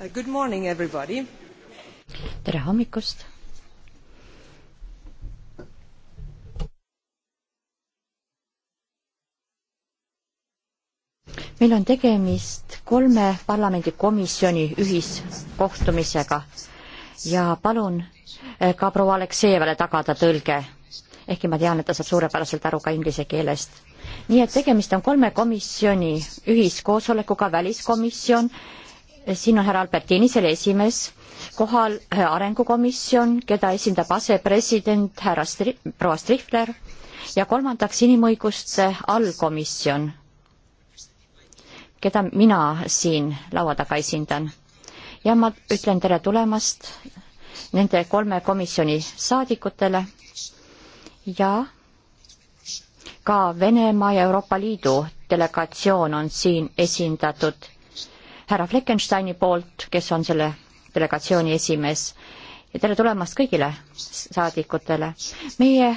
Uh, good morning, everybody! tere hommikust! meil on tegemist kolme parlamendikomisjoni ühiskohtumisega ja palun eh, ka proua Aleksejevale tagada tõlge, ehkki ma tean, et ta saab suurepäraselt aru ka inglise keelest. nii et tegemist on kolme komisjoni ühiskoosolekuga, väliskomisjon, siin on härra Albertini, selle esimees, kohal äh, arengukomisjon, keda esindab asepresident härra Stri-, proua Strihler ja kolmandaks inimõiguste allkomisjon, keda mina siin laua taga esindan. ja ma ütlen tere tulemast nende kolme komisjoni saadikutele ja ka Venemaa ja Euroopa Liidu delegatsioon on siin esindatud härra Fleckensteini poolt, kes on selle delegatsiooni esimees ja tere tulemast kõigile saadikutele. meie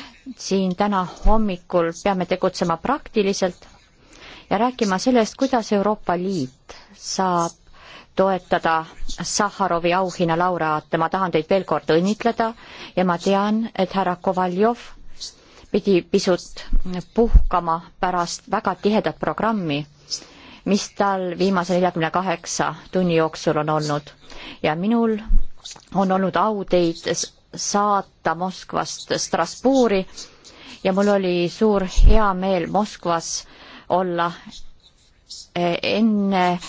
siin täna hommikul peame tegutsema praktiliselt ja rääkima sellest, kuidas Euroopa Liit saab toetada Sahharovi auhinna laureaate. ma tahan teid veel kord õnnitleda ja ma tean, et härra Kovaljov pidi pisut puhkama pärast väga tihedat programmi mis tal viimase neljakümne kaheksa tunni jooksul on olnud ja minul on olnud au teid saata Moskvast Strasbourgi ja mul oli suur heameel Moskvas olla e, enne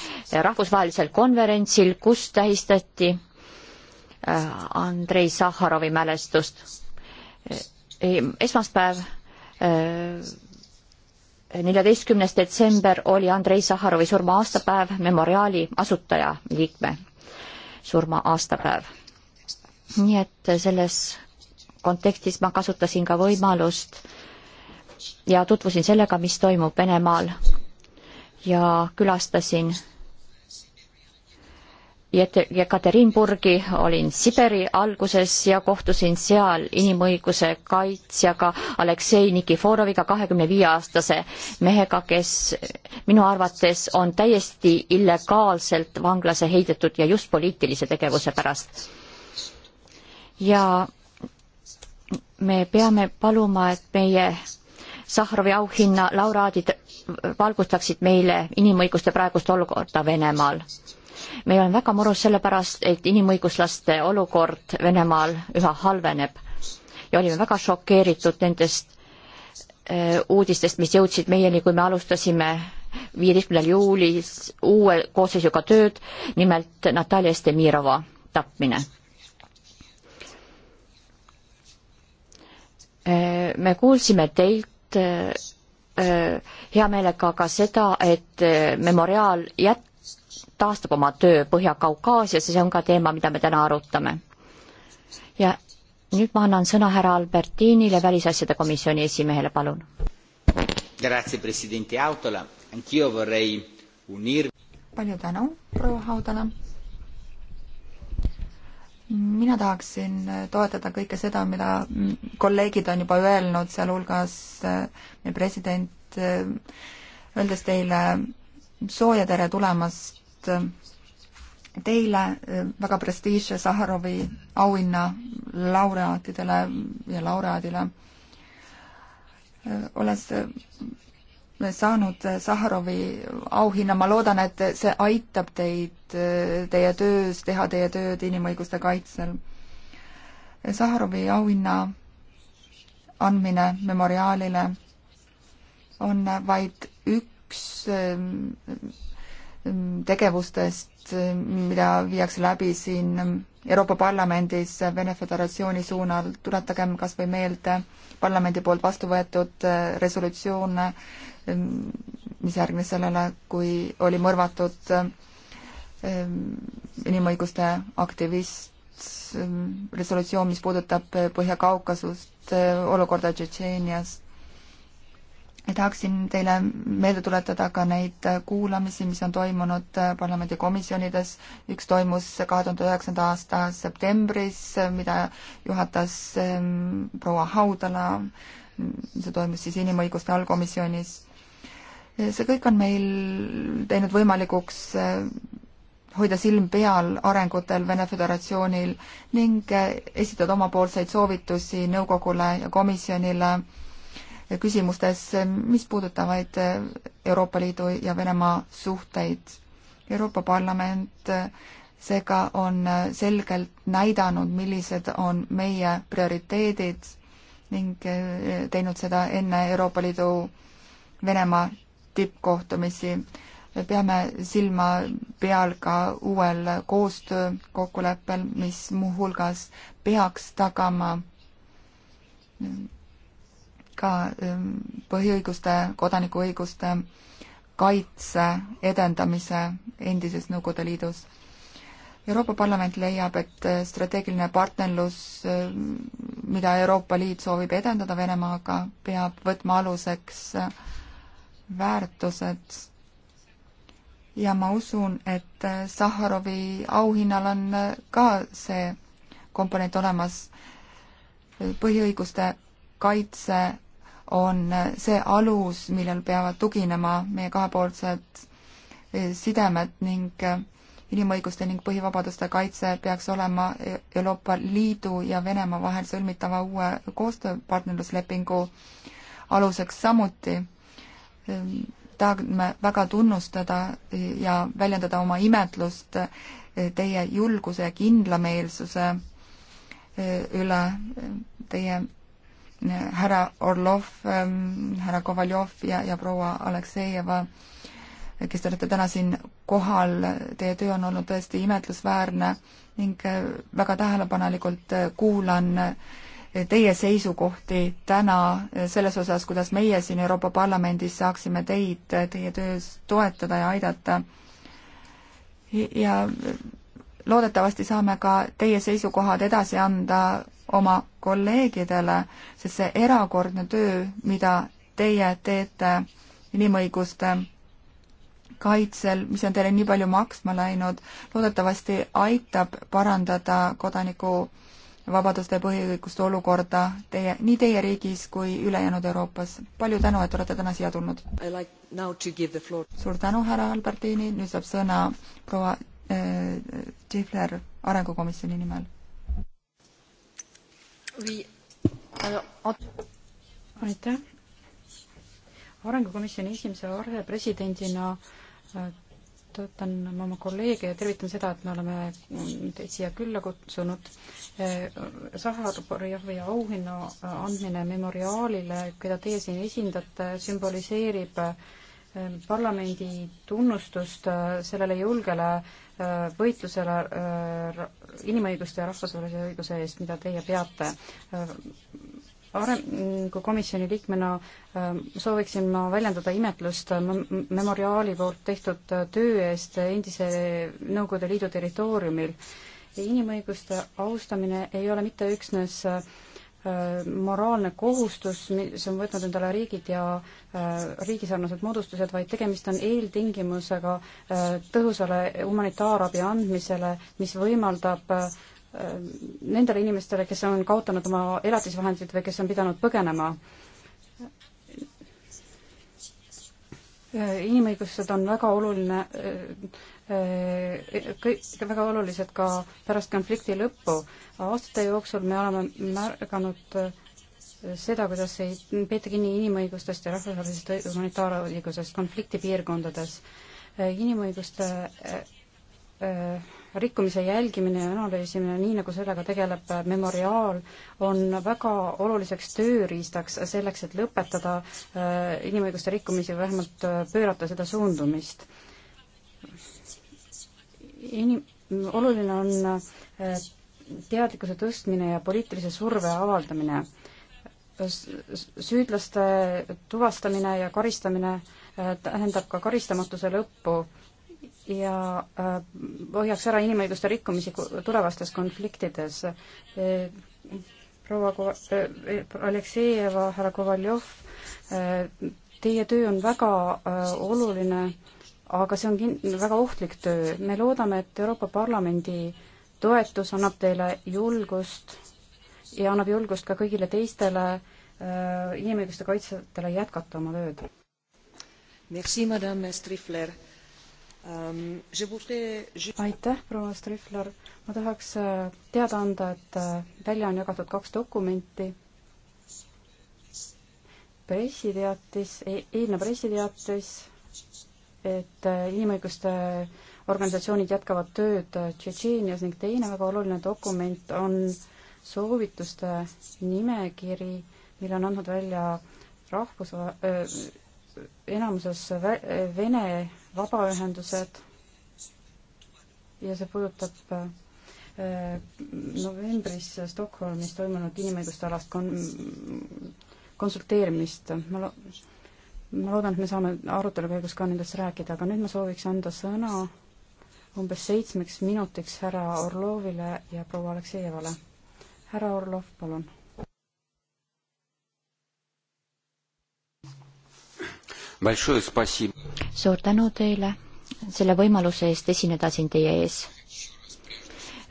rahvusvahelisel konverentsil, kus tähistati e, Andrei Sahharovi mälestust. E, esmaspäev neljateistkümnes detsember oli Andrei Saharovi surma aastapäev, memoriaali asutaja liikme surma aastapäev. nii et selles kontekstis ma kasutasin ka võimalust ja tutvusin sellega, mis toimub Venemaal ja külastasin Jekaterinburgi, olin Siberi alguses ja kohtusin seal inimõiguse kaitsjaga Aleksei Nikiforoviga, kahekümne viie aastase mehega, kes minu arvates on täiesti illegaalselt vanglasse heidetud ja just poliitilise tegevuse pärast. ja me peame paluma, et meie Sahhrovi auhinna laureaadid valgustaksid meile inimõiguste praegust olukorda Venemaal me oleme väga murus sellepärast, et inimõiguslaste olukord Venemaal üha halveneb ja olime väga šokeeritud nendest äh, uudistest, mis jõudsid meieni, kui me alustasime viieteistkümnendal juulis uue koosseisuga tööd, nimelt Natalja Estemirova tapmine äh, me kuulsime teilt äh, hea meelega ka seda, et memoriaal jät-, taastab oma töö Põhja-Kaukaasias ja see on ka teema, mida me täna arutame. ja nüüd ma annan sõna härra Albertinile, välisasjade komisjoni esimehele, palun. palju tänu, proua Haudala. mina tahaksin toetada kõike seda, mida kolleegid on juba öelnud, sealhulgas äh, meie president, äh, öeldes teile sooja tere tulemast tutvustamast teile e, väga prestiižse Saharovi auhinna laureaatidele ja laureaadile. E, olles e, saanud Saharovi auhinna, ma loodan, et see aitab teid teie töös, teha teie tööd inimõiguste kaitsel. Saharovi auhinna andmine memoriaalile on vaid üks tegevustest, mida viiakse läbi siin Euroopa Parlamendis Vene Föderatsiooni suunal, tuletagem kas või meelde parlamendi poolt vastu võetud äh, resolutsioone, ähm, mis järgnes sellele, kui oli mõrvatud äh, inimõiguste aktivist, ähm, resolutsioon, mis puudutab Põhja-Kaukasust, äh, olukorda Tšetšeenias tahaksin teile meelde tuletada ka neid kuulamisi, mis on toimunud parlamendikomisjonides. üks toimus kahe tuhande üheksanda aasta septembris, mida juhatas ehm, proua Haudala. see toimus siis inimõiguste allkomisjonis. see kõik on meil teinud võimalikuks eh, hoida silm peal arengutel Vene Föderatsioonil ning eh, esitada omapoolseid soovitusi nõukogule ja komisjonile küsimustes, mis puudutavad Euroopa Liidu ja Venemaa suhteid. Euroopa Parlament seega on selgelt näidanud, millised on meie prioriteedid ning teinud seda enne Euroopa Liidu Venemaa tippkohtumisi. peame silma peal ka uuel koostöökokkuleppel, mis muuhulgas peaks tagama ka ähm, põhiõiguste, kodanikuõiguste kaitse edendamise endises Nõukogude Liidus. Euroopa Parlament leiab, et äh, strateegiline partnerlus, ähm, mida Euroopa Liit soovib edendada Venemaaga, peab võtma aluseks äh, väärtused ja ma usun, et äh, Sahharovi auhinnal on ka see komponent olemas, põhiõiguste kaitse on see alus, millel peavad tuginema meie kahepoolsed eh, sidemed ning eh, inimõiguste ning põhivabaduste kaitse peaks olema eh, Euroopa Liidu ja Venemaa vahel sõlmitava uue koostööpartnerluslepingu aluseks samuti. Ehm, tahame väga tunnustada ja väljendada oma imetlust teie julguse ja kindlameelsuse üle, teie härra Orlov, ähm, härra Kovaljov ja, ja proua Aleksejeva, kes te olete täna siin kohal, teie töö on olnud tõesti imetlusväärne ning äh, väga tähelepanelikult äh, kuulan äh, teie seisukohti täna selles osas, kuidas meie siin Euroopa Parlamendis saaksime teid, teie töös toetada ja aidata. ja loodetavasti saame ka teie seisukohad edasi anda oma kolleegidele, sest see erakordne töö, mida teie teete inimõiguste kaitsel, mis on teile nii palju maksma läinud, loodetavasti aitab parandada kodaniku vabaduste ja põhiõiguste olukorda teie, nii teie riigis kui ülejäänud Euroopas. palju tänu, et olete täna siia tulnud like! suur tänu, härra Albertini, nüüd saab sõna proua äh, Tifler Arengukomisjoni nimel aitäh. arengukomisjoni esimese asepresidendina äh, toetan oma kolleege ja tervitan seda, et me oleme teid siia külla kutsunud. Äh, Saharovi auhinna andmine memoriaalile, keda teie siin esindate, sümboliseerib äh, parlamendi tunnustust sellele julgele võitlusele inimõiguste ja rahvusvahelise õiguse eest, mida teie peate. arengukomisjoni liikmena ähm, sooviksin ma väljendada imetlust memoriaali poolt tehtud äh, töö eest endise Nõukogude Liidu territooriumil. inimõiguste austamine ei ole mitte üksnes äh, Äh, moraalne kohustus, mis on võtnud endale riigid ja äh, riigisarnased moodustused, vaid tegemist on eeltingimusega äh, tõhusale humanitaarabi andmisele, mis võimaldab nendele inimestele, kes on kaotanud oma elatisvahendid või kes on pidanud põgenema. inimõigused on väga oluline Äh, kõik väga olulised ka pärast konflikti lõppu. aastate jooksul me oleme märganud äh, seda, kuidas ei peeta kinni inimõigustest ja rahvusvahelisest humanitaarõigusest konfliktipiirkondades. Äh, inimõiguste rikkumise jälgimine ja analüüsimine, nii nagu sellega tegeleb Memoriaal, on väga oluliseks tööriistaks selleks, et lõpetada inimõiguste rikkumisi või vähemalt pöörata seda suundumist inim-, oluline on äh, teadlikkuse tõstmine ja poliitilise surve avaldamine, süüdlaste tuvastamine ja karistamine äh, tähendab ka karistamatuse lõppu ja äh, hoiaks ära inimõiguste rikkumisi tulevastes konfliktides. proua Ko-, Aleksejeva, härra Kovaljov, teie töö on väga oluline aga see on kin-, väga ohtlik töö. me loodame, et Euroopa Parlamendi toetus annab teile julgust ja annab julgust ka kõigile teistele äh, inimõiguste kaitsjatele jätkata oma tööd. Merci, madame Strifler um,. Voudrais... aitäh, proua Strifler. ma tahaks äh, teada anda, et äh, välja on jagatud kaks dokumenti pressiteatis e, eilne pressiteatis et äh, inimõiguste äh, organisatsioonid jätkavad tööd äh, Tšetšeenias ning teine väga oluline dokument on soovituste nimekiri, mille on andnud välja rahvus- äh,, enamuses Vene vabaühendused ja see puudutab äh, novembris Stockholmis toimunud inimõiguste alast kon-, konsulteerimist. ma lo-, ma loodan, et me saame arutelu käigus ka nendest rääkida, aga nüüd ma sooviks anda sõna umbes seitsmeks minutiks härra Orlovile ja proua Aleksejevale. härra Orlov, palun suur tänu teile selle võimaluse eest esineda siin teie ees.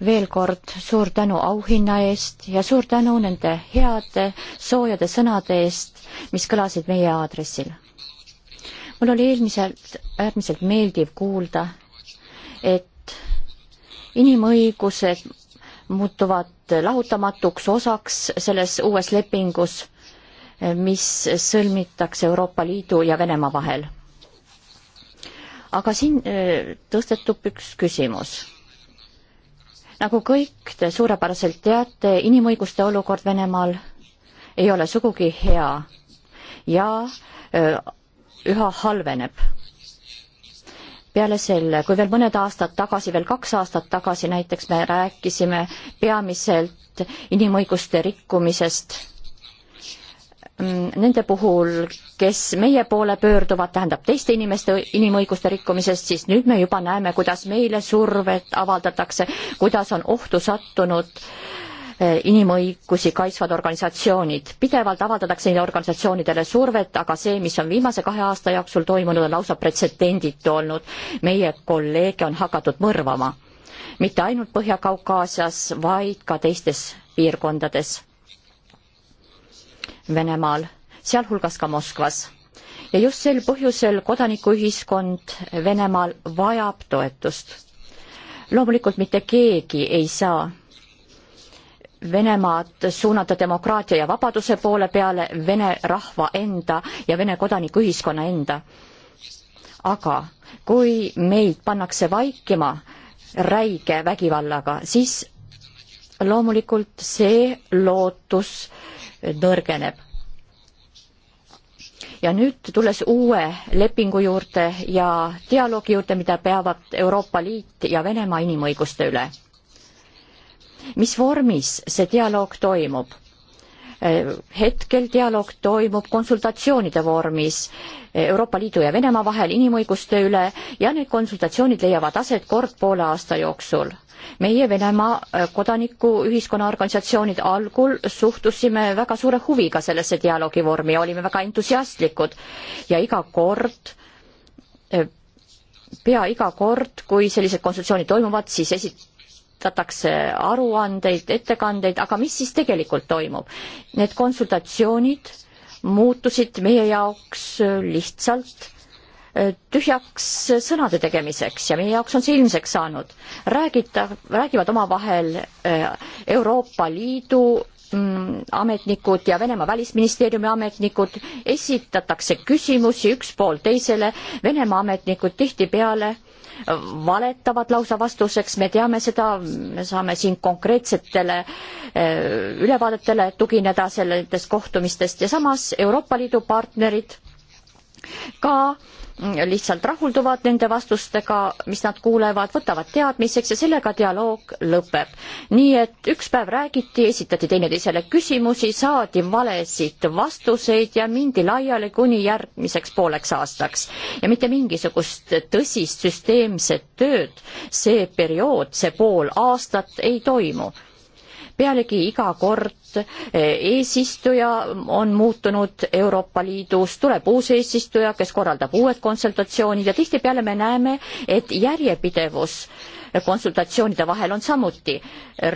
veel kord suur tänu auhinna eest ja suur tänu nende heade soojade sõnade eest, mis kõlasid meie aadressil mul oli eelmiselt äärmiselt meeldiv kuulda, et inimõigused muutuvad lahutamatuks osaks selles uues lepingus, mis sõlmitakse Euroopa Liidu ja Venemaa vahel. aga siin äh, tõstetub üks küsimus. nagu kõik te suurepäraselt teate, inimõiguste olukord Venemaal ei ole sugugi hea ja äh, üha halveneb. peale selle, kui veel mõned aastad tagasi, veel kaks aastat tagasi näiteks me rääkisime peamiselt inimõiguste rikkumisest, mm, nende puhul, kes meie poole pöörduvad, tähendab teiste inimeste inimõiguste rikkumisest, siis nüüd me juba näeme, kuidas meile survet avaldatakse, kuidas on ohtu sattunud äh, inimõigusi kaitsvad organisatsioonid. pidevalt avaldatakse neile organisatsioonidele survet, aga see, mis on viimase kahe aasta jooksul toimunud, on lausa pretsedenditu olnud. meie kolleege on hakatud mõrvama. mitte ainult Põhja-Kaukaasias, vaid ka teistes piirkondades Venemaal, sealhulgas ka Moskvas. ja just sel põhjusel kodanikuühiskond Venemaal vajab toetust loomulikult mitte keegi ei saa Venemaad suunata demokraatia ja vabaduse poole peale Vene rahva enda ja Vene kodanikuühiskonna enda. aga kui meid pannakse vaikima räige vägivallaga, siis loomulikult see lootus nõrgeneb. ja nüüd tulles uue lepingu juurde ja dialoogi juurde, mida peavad Euroopa Liit ja Venemaa inimõiguste üle mis vormis see dialoog toimub? Äh, hetkel dialoog toimub konsultatsioonide vormis äh, Euroopa Liidu ja Venemaa vahel inimõiguste üle ja need konsultatsioonid leiavad aset kord poole aasta jooksul meie Venemaa äh, kodanikuühiskonna organisatsioonid algul suhtusime väga suure huviga sellesse dialoogi vormi ja olime väga entusiastlikud ja iga kord pea iga kord, kui sellised konsultatsioonid toimuvad, siis esit-, esitatakse aruandeid, ettekandeid, aga mis siis tegelikult toimub? Need konsultatsioonid muutusid meie jaoks lihtsalt äh, tühjaks sõnade tegemiseks ja meie jaoks on see ilmseks saanud. räägita, räägivad omavahel äh, Euroopa Liidu Mm, ametnikud ja Venemaa välisministeeriumi ametnikud, esitatakse küsimusi üks pool teisele, Venemaa ametnikud tihtipeale valetavad lausa vastuseks, me teame seda, me saame siin konkreetsetele eh, ülevaadetele tugineda sellistest kohtumistest ja samas Euroopa Liidu partnerid ka äh, lihtsalt rahulduvad nende vastustega, mis nad kuulevad, võtavad teadmiseks ja sellega dialoog lõpeb. nii et üks päev räägiti, esitati teineteisele küsimusi, saadi valesid vastuseid ja mindi laiali kuni järgmiseks pooleks aastaks. ja mitte mingisugust tõsist süsteemset tööd see periood, see pool aastat ei toimu pealegi iga kord eh, eesistuja on muutunud Euroopa Liidus, tuleb uus eesistuja, kes korraldab uued konsultatsioonid ja tihtipeale me näeme, et järjepidevus konsultatsioonide vahel on samuti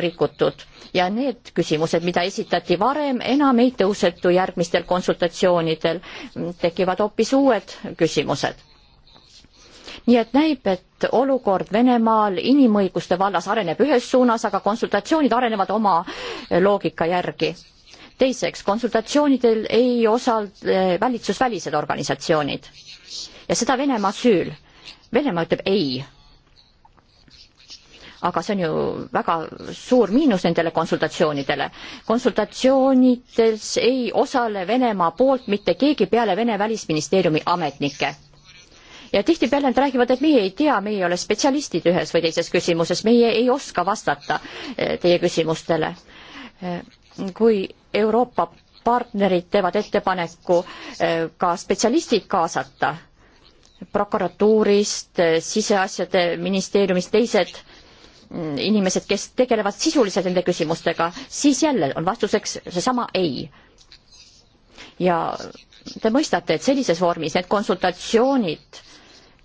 rikutud ja need küsimused, mida esitati varem, enam ei tõusetu järgmistel konsultatsioonidel, tekivad hoopis uued küsimused nii et näib, et olukord Venemaal inimõiguste vallas areneb ühes suunas, aga konsultatsioonid arenevad oma loogika järgi. teiseks, konsultatsioonidel ei osale eh, valitsusvälised organisatsioonid ja seda Venemaa süül. Venemaa ütleb ei aga see on ju väga suur miinus nendele konsultatsioonidele. konsultatsioonides ei osale Venemaa poolt mitte keegi peale Vene välisministeeriumi ametnike ja tihtipeale nad räägivad, et meie ei tea, meie ei ole spetsialistid ühes või teises küsimuses, meie ei oska vastata eh, teie küsimustele. Eh, kui Euroopa partnerid teevad ettepaneku eh, ka spetsialistid kaasata prokuratuurist, siseasjade ministeeriumist, teised mm, inimesed, kes tegelevad sisuliselt nende küsimustega, siis jälle on vastuseks seesama ei. ja te mõistate, et sellises vormis need konsultatsioonid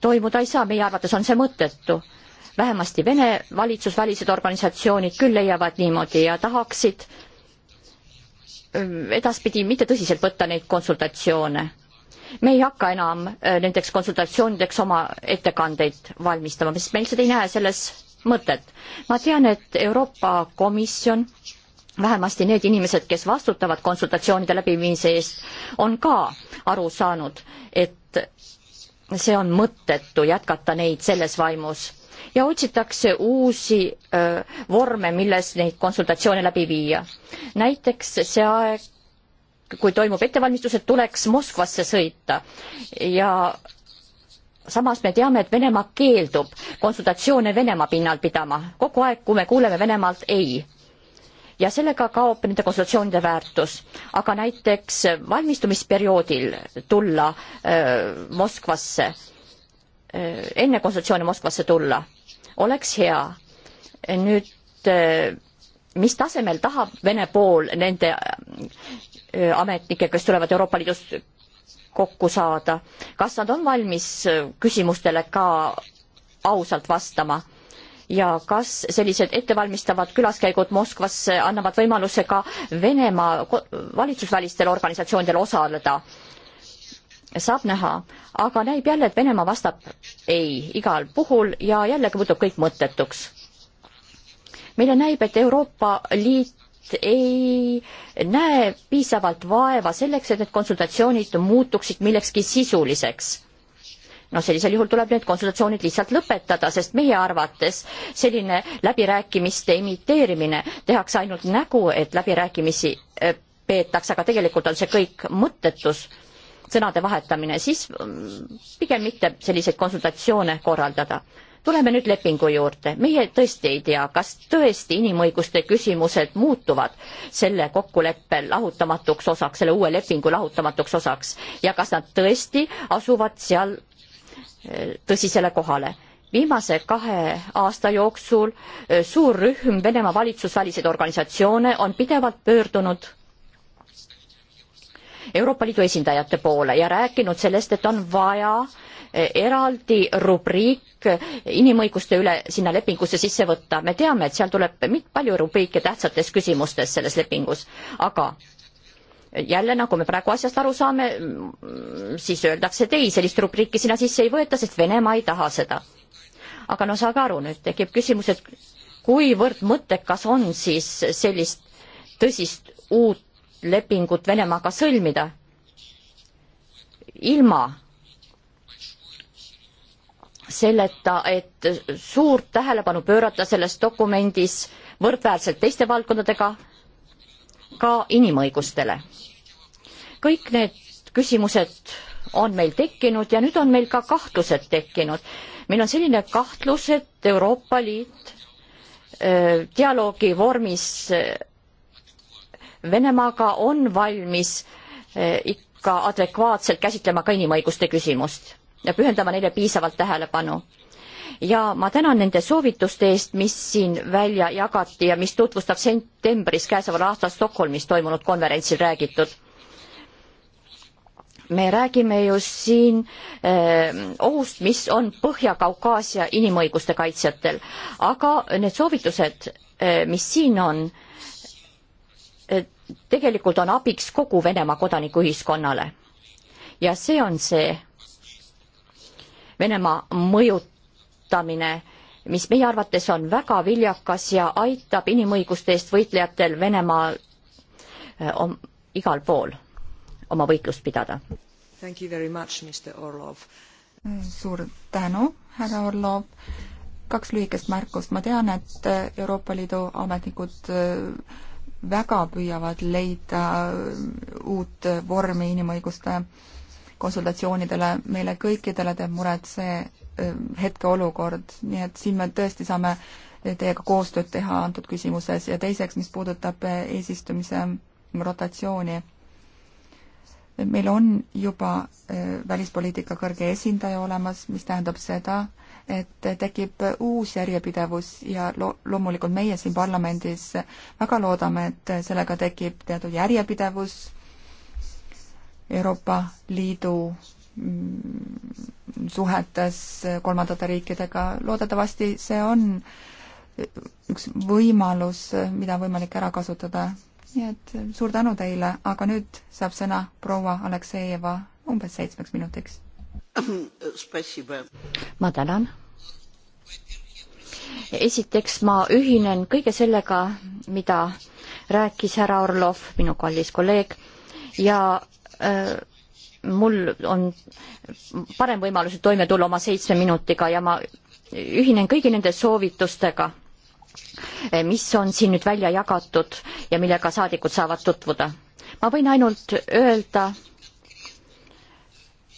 toimuda ei saa, meie arvates on see mõttetu. vähemasti Vene valitsusvälised organisatsioonid küll leiavad niimoodi ja tahaksid ähm, edaspidi mitte tõsiselt võtta neid konsultatsioone. me ei hakka enam äh, nendeks konsultatsioonideks oma ettekandeid valmistama, sest me lihtsalt ei näe selles mõtet. ma tean, et Euroopa Komisjon vähemasti need inimesed, kes vastutavad konsultatsioonide läbiviimise eest, on ka aru saanud, et see on mõttetu jätkata neid selles vaimus ja otsitakse uusi öö, vorme, milles neid konsultatsioone läbi viia. näiteks see aeg, kui toimub ettevalmistused, tuleks Moskvasse sõita ja samas me teame, et Venemaa keeldub konsultatsioone Venemaa pinnal pidama. kogu aeg, kui me kuuleme Venemaalt ei ja sellega kaob nende konsultatsioonide väärtus. aga näiteks valmistumisperioodil tulla öö, äh, Moskvasse, äh, enne konsultatsiooni Moskvasse tulla, oleks hea. nüüd öö, äh, mis tasemel tahab Vene pool nende öö, ametnikega, kes tulevad Euroopa Liidust kokku saada, kas nad on valmis küsimustele ka ausalt vastama ja kas sellised ettevalmistavad külaskäigud Moskvasse annavad võimaluse ka Venemaa valitsusvälistel organisatsioonidel osaleda? saab näha, aga näib jälle, et Venemaa vastab ei igal puhul ja jällegi muutub kõik mõttetuks. meile näib, et Euroopa Liit ei näe piisavalt vaeva selleks, et need konsultatsioonid muutuksid millekski sisuliseks no sellisel juhul tuleb need konsultatsioonid lihtsalt lõpetada, sest meie arvates selline läbirääkimiste imiteerimine, tehakse ainult nägu, et läbirääkimisi eh, peetakse, aga tegelikult on see kõik mõttetus sõnade vahetamine, siis mm, pigem mitte selliseid konsultatsioone korraldada. tuleme nüüd lepingu juurde. meie tõesti ei tea, kas tõesti inimõiguste küsimused muutuvad selle kokkuleppe lahutamatuks osaks, selle uue lepingu lahutamatuks osaks ja kas nad tõesti asuvad seal tõsisele kohale. viimase kahe aasta jooksul e, suur rühm Venemaa valitsusväliseid organisatsioone on pidevalt pöördunud Euroopa Liidu esindajate poole ja rääkinud sellest, et on vaja e, eraldi rubriik inimõiguste üle sinna lepingusse sisse võtta. me teame, et seal tuleb palju rubriike tähtsates küsimustes selles lepingus, aga jälle, nagu me praegu asjast aru saame, siis öeldakse, et ei, sellist rubriiki sinna sisse ei võeta, sest Venemaa ei taha seda. aga no saage aru, nüüd tekib küsimus, et kuivõrd mõttekas on siis sellist tõsist uut lepingut Venemaaga sõlmida ilma selleta, et suurt tähelepanu pöörata selles dokumendis võrdväärselt teiste valdkondadega ka inimõigustele. kõik need küsimused on meil tekkinud ja nüüd on meil ka kahtlused tekkinud. meil on selline kahtlus, et Euroopa Liit dialoogi vormis Venemaaga on valmis ikka adekvaatselt käsitlema ka inimõiguste küsimust ja pühendama neile piisavalt tähelepanu ja ma tänan nende soovituste eest, mis siin välja jagati ja mis tutvustab septembris käesoleval aastal Stockholmis toimunud konverentsil räägitud. me räägime ju siin eh, ohust, mis on Põhja-Kaukaasia inimõiguste kaitsjatel, aga need soovitused eh,, mis siin on eh,, tegelikult on abiks kogu Venemaa kodanikuühiskonnale. ja see on see Venemaa mõjutamine kasutamine, mis meie arvates on väga viljakas ja aitab inimõiguste eest võitlejatel Venemaal eh, om, igal pool oma võitlust pidada. Mm, suur tänu, härra Orlov. kaks lühikest märkust. ma tean, et eh, Euroopa Liidu ametnikud eh, väga püüavad leida uut vormi inimõiguste konsultatsioonidele. meile kõikidele teeb muret see, Äh, hetkeolukord, nii et siin me tõesti saame teiega koostööd teha antud küsimuses ja teiseks, mis puudutab äh, eesistumise mm, rotatsiooni. meil on juba äh, välispoliitika kõrge esindaja olemas, mis tähendab seda, et tekib uus järjepidevus ja lo-, loomulikult meie siin parlamendis väga loodame, et sellega tekib teatud järjepidevus Euroopa Liidu Mm, suhetes kolmandate riikidega, loodetavasti see on üks võimalus, mida on võimalik ära kasutada. nii et suur tänu teile, aga nüüd saab sõna proua Aleksejeva umbes seitsmeks minutiks. ma tänan. esiteks ma ühinen kõige sellega, mida rääkis härra Orlov, minu kallis kolleeg, ja öö, äh, mul on parem võimalus toime tulla oma seitsme minutiga ja ma ühinen kõigi nende soovitustega, eh, mis on siin nüüd välja jagatud ja millega saadikud saavad tutvuda. ma võin ainult öelda,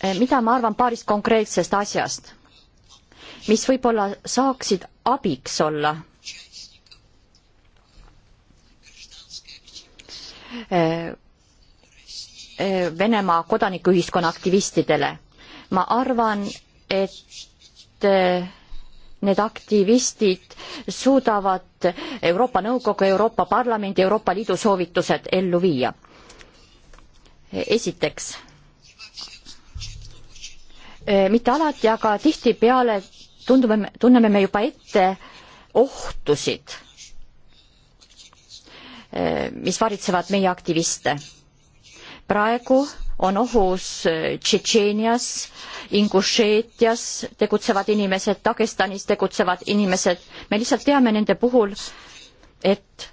eh, mida ma arvan paarist konkreetsest asjast, mis võib-olla saaksid abiks olla eh, Venemaa kodanikuühiskonna aktivistidele. ma arvan, et need aktivistid suudavad Euroopa Nõukogu, Euroopa Parlamendi, Euroopa Liidu soovitused ellu viia. esiteks, mitte alati, aga tihtipeale tundume, tunneme me juba ette ohtusid, mis varitsevad meie aktiviste praegu on ohus Tšetšeenias, Ingušeetias tegutsevad inimesed, Dagestanis tegutsevad inimesed, me lihtsalt teame nende puhul, et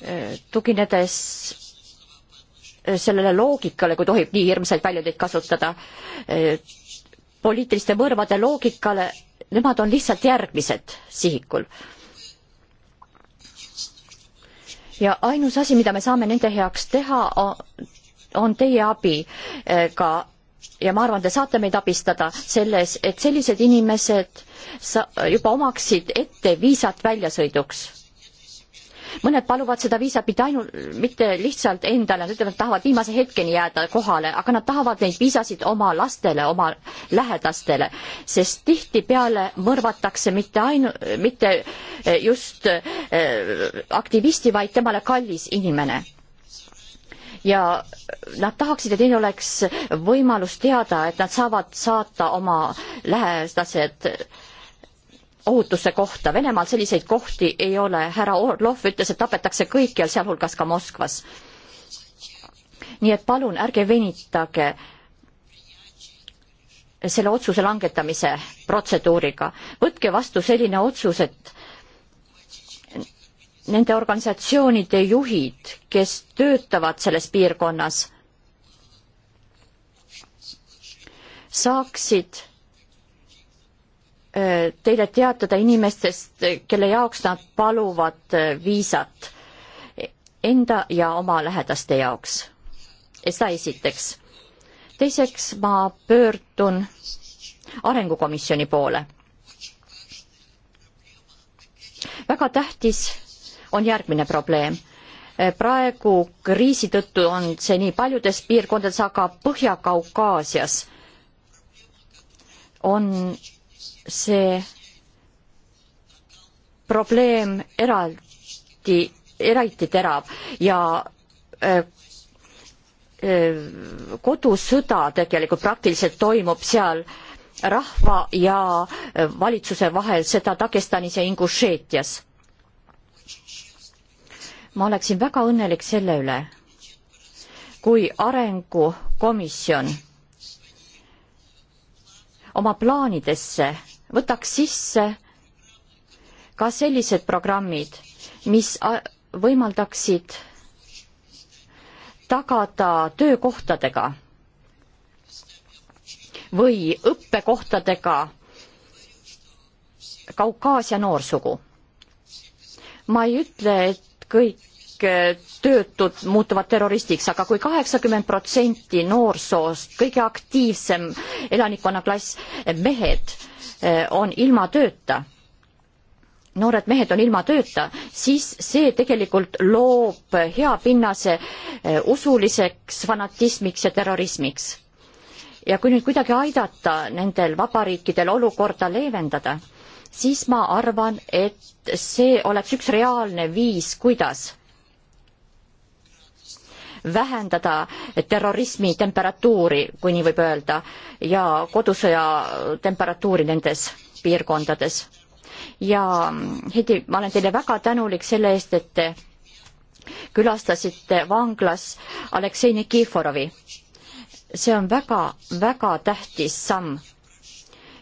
eh, tuginedes eh, sellele loogikale, kui tohib nii hirmsaid väljendeid kasutada, eh, poliitiliste mõrvade loogikale, nemad on lihtsalt järgmised sihikul ja ainus asi, mida me saame nende heaks teha, on teie abiga eh, ja ma arvan, te saate meid abistada selles, et sellised inimesed sa-, juba omaksid ette viisat väljasõiduks mõned paluvad seda viisat mitte ainult, mitte lihtsalt endale, nad ütlevad, tahavad viimase hetkeni jääda kohale, aga nad tahavad neid viisasid oma lastele, oma lähedastele, sest tihtipeale mõrvatakse mitte ainu-, mitte eh, just eh, aktivisti, vaid temale kallis inimene ja nad tahaksid, et neil oleks võimalus teada, et nad saavad saata oma lähedased äh, ohutuse kohta. Venemaal selliseid kohti ei ole. härra Orlov ütles, et tapetakse kõikjal, sealhulgas ka Moskvas. nii et palun ärge venitage selle otsuse langetamise protseduuriga. võtke vastu selline otsus, et nende organisatsioonide juhid, kes töötavad selles piirkonnas, saaksid teile teatada inimestest, kelle jaoks nad paluvad äh, viisat enda ja oma lähedaste jaoks. seda esiteks. teiseks ma pöördun arengukomisjoni poole. väga tähtis on järgmine probleem äh, praegu kriisi tõttu on see nii paljudes piirkondades, aga Põhja-Kaukaasias on see probleem eraldi, eriti terav ja äh, äh, kodusõda tegelikult praktiliselt toimub seal rahva ja äh, valitsuse vahel, seda Dagestanis ja Ingušeetias. ma oleksin väga õnnelik selle üle, kui arengukomisjon oma plaanidesse võtaks sisse ka sellised programmid, mis võimaldaksid tagada töökohtadega või õppekohtadega Kaukaasia noorsugu. ma ei ütle, et kõik töötud muutuvad terroristiks, aga kui kaheksakümmend protsenti noorsoost, kõige aktiivsem elanikkonnaklass, eh, mehed eh, on ilma tööta, noored mehed on ilma tööta, siis see tegelikult loob hea pinnase eh, usuliseks fanatismiks ja terrorismiks. ja kui nüüd kuidagi aidata nendel vabariikidel olukorda leevendada, siis ma arvan, et see oleks üks reaalne viis, kuidas vähendada terrorismi temperatuuri, kui nii võib öelda, ja kodusõja temperatuuri nendes piirkondades. ja mm, Heidi, ma olen teile väga tänulik selle eest, et te külastasite vanglas Aleksei Nikiforovi. see on väga-väga tähtis samm.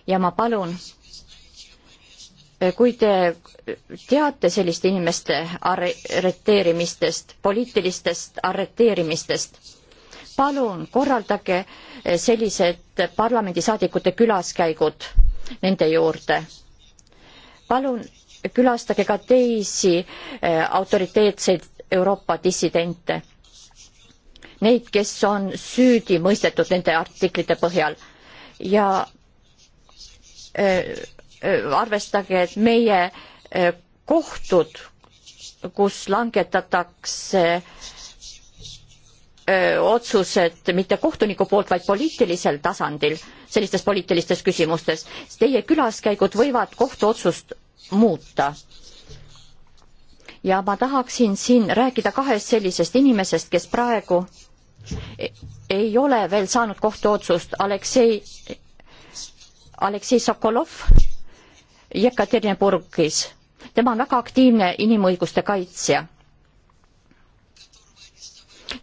ja ma palun, kui te teate selliste inimeste arreteerimistest, poliitilistest arreteerimistest? palun korraldage eh, sellised parlamendisaadikute külaskäigud nende juurde. palun külastage ka teisi eh, autoriteetseid Euroopa dissidente. Neid, kes on süüdi mõistetud nende artiklite põhjal ja öö, eh, öö, arvestage, et meie Äh, kohtud, kus langetatakse äh, otsused mitte kohtuniku poolt, vaid poliitilisel tasandil sellistes poliitilistes küsimustes. Teie külaskäigud võivad kohtuotsust muuta. ja ma tahaksin siin rääkida kahest sellisest inimesest, kes praegu ei ole veel saanud kohtuotsust, Aleksei, Aleksei Sokolov Jekaterinburgis tema on väga aktiivne inimõiguste kaitsja.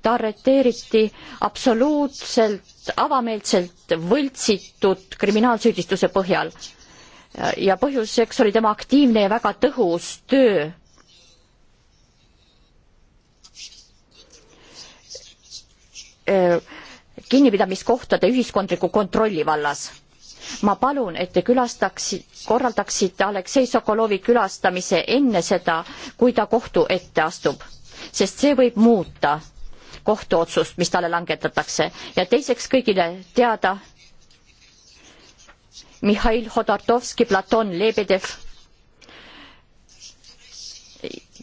ta arreteeriti absoluutselt avameelselt võltsitud kriminaalsüüdistuse põhjal ja põhjuseks oli tema aktiivne ja väga tõhus töö kinnipidamiskohtade ühiskondliku kontrolli vallas ma palun, et te külastaksid, korraldaksite Aleksei Sokolovi külastamise enne seda, kui ta kohtu ette astub, sest see võib muuta kohtuotsust, mis talle langetatakse ja teiseks kõigile teada Mihhail Hodorkovski, Platon Lebedev.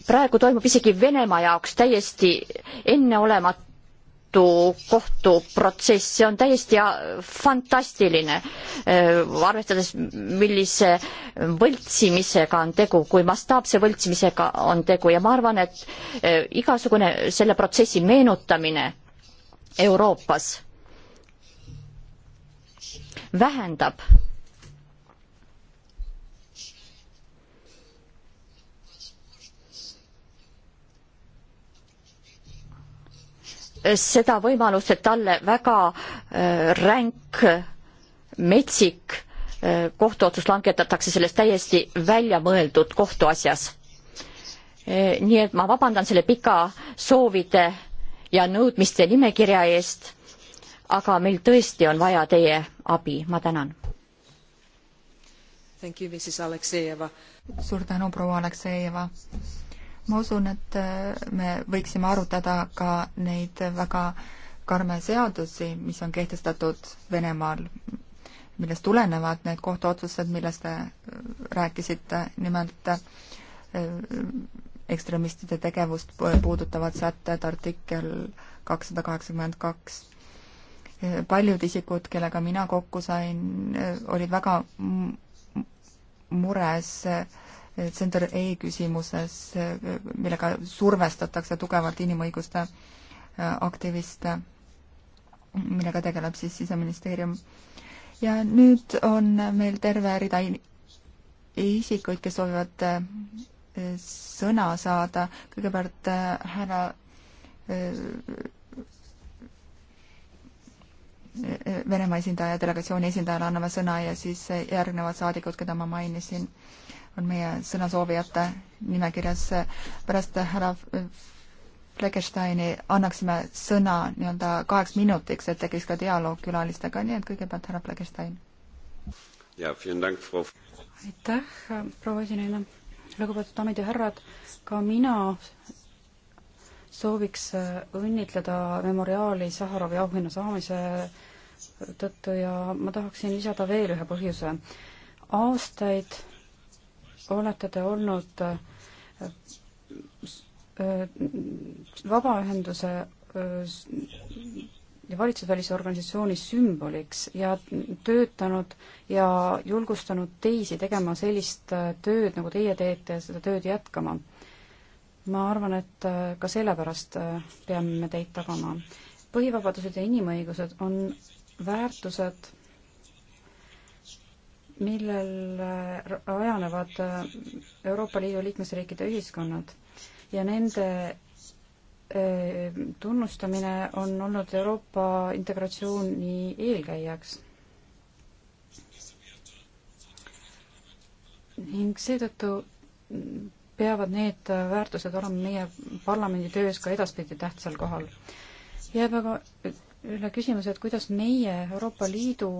praegu toimub isegi Venemaa jaoks täiesti enneolematu kohtu, kohtuprotsess, see on täiesti äh, fantastiline, äh, arvestades, millise võltsimisega on tegu, kui mastaapse võltsimisega on tegu ja ma arvan, et äh, igasugune selle protsessi meenutamine Euroopas vähendab seda võimalust, et talle väga äh, ränk, metsik äh, kohtuotsus langetatakse selles täiesti väljamõeldud kohtuasjas. Äh, nii et ma vabandan selle pika soovide ja nõudmiste nimekirja eest, aga meil tõesti on vaja teie abi, ma tänan. suur tänu, proua Aleksejeva ma usun, et äh, me võiksime arutada ka neid väga karme seadusi, mis on kehtestatud Venemaal, millest tulenevad need kohtuotsused, millest te äh, rääkisite, nimelt äh, ekstremistide tegevust puudutavad sätted, artikkel kakssada kaheksakümmend kaks. paljud isikud, kellega mina kokku sain, olid väga mures äh, Center E küsimuses, millega survestatakse tugevalt inimõiguste äh, aktiviste, millega tegeleb siis Siseministeerium. ja nüüd on meil terve rida isikuid, kes soovivad äh, sõna saada. kõigepealt äh, härra Venemaa esindaja, delegatsiooni esindajale anname sõna ja siis järgnevad saadikud, keda ma mainisin on meie sõnasoovijate nimekirjas. pärast härra Fleckensteini annaksime sõna nii-öelda kaheks minutiks, et tekiks ka dialoog külalistega, nii et kõigepealt härra Fleckenstein. aitäh, proua esineja. lugupeetud daamid ja härrad, ka mina sooviks õnnitleda Memoriaali Saharovi auhinna saamise tõttu ja ma tahaksin lisada veel ühe põhjuse. aastaid olete te olnud äh, äh, vabaühenduse äh, ja valitsusvälise organisatsiooni sümboliks ja töötanud ja julgustanud teisi tegema sellist tööd, nagu teie teete, seda tööd jätkama. ma arvan, et ka sellepärast peame me teid tagama. põhivabadused ja inimõigused on väärtused, millel rajanevad äh, äh, Euroopa Liidu liikmesriikide ühiskonnad ja nende äh, tunnustamine on olnud Euroopa integratsiooni eelkäijaks. ning seetõttu peavad need väärtused olema meie parlamendi töös ka edaspidi tähtsal kohal. jääb aga üle küsimuse, et kuidas meie Euroopa Liidu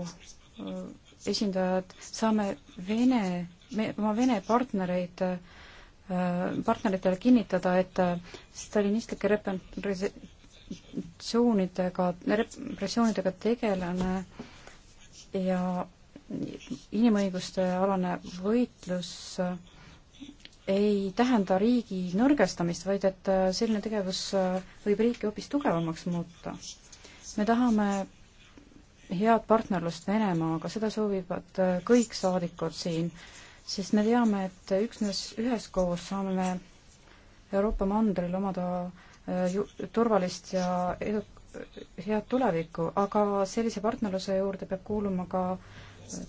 esindajad, saame Vene, oma Vene partnereid, äh, partneritele kinnitada, et äh, stalinistlike repressioonidega, repressioonidega tegelane ja inimõiguste alane võitlus äh, ei tähenda riigi nõrgestamist, vaid et selline tegevus võib riiki hoopis tugevamaks muuta. me tahame head partnerlust Venemaaga, seda soovivad äh, kõik saadikud siin, sest me teame, et üksnes üheskoos saame me Euroopa mandril omada äh, ju-, turvalist ja edu-, head tulevikku, aga sellise partnerluse juurde peab kuuluma ka äh,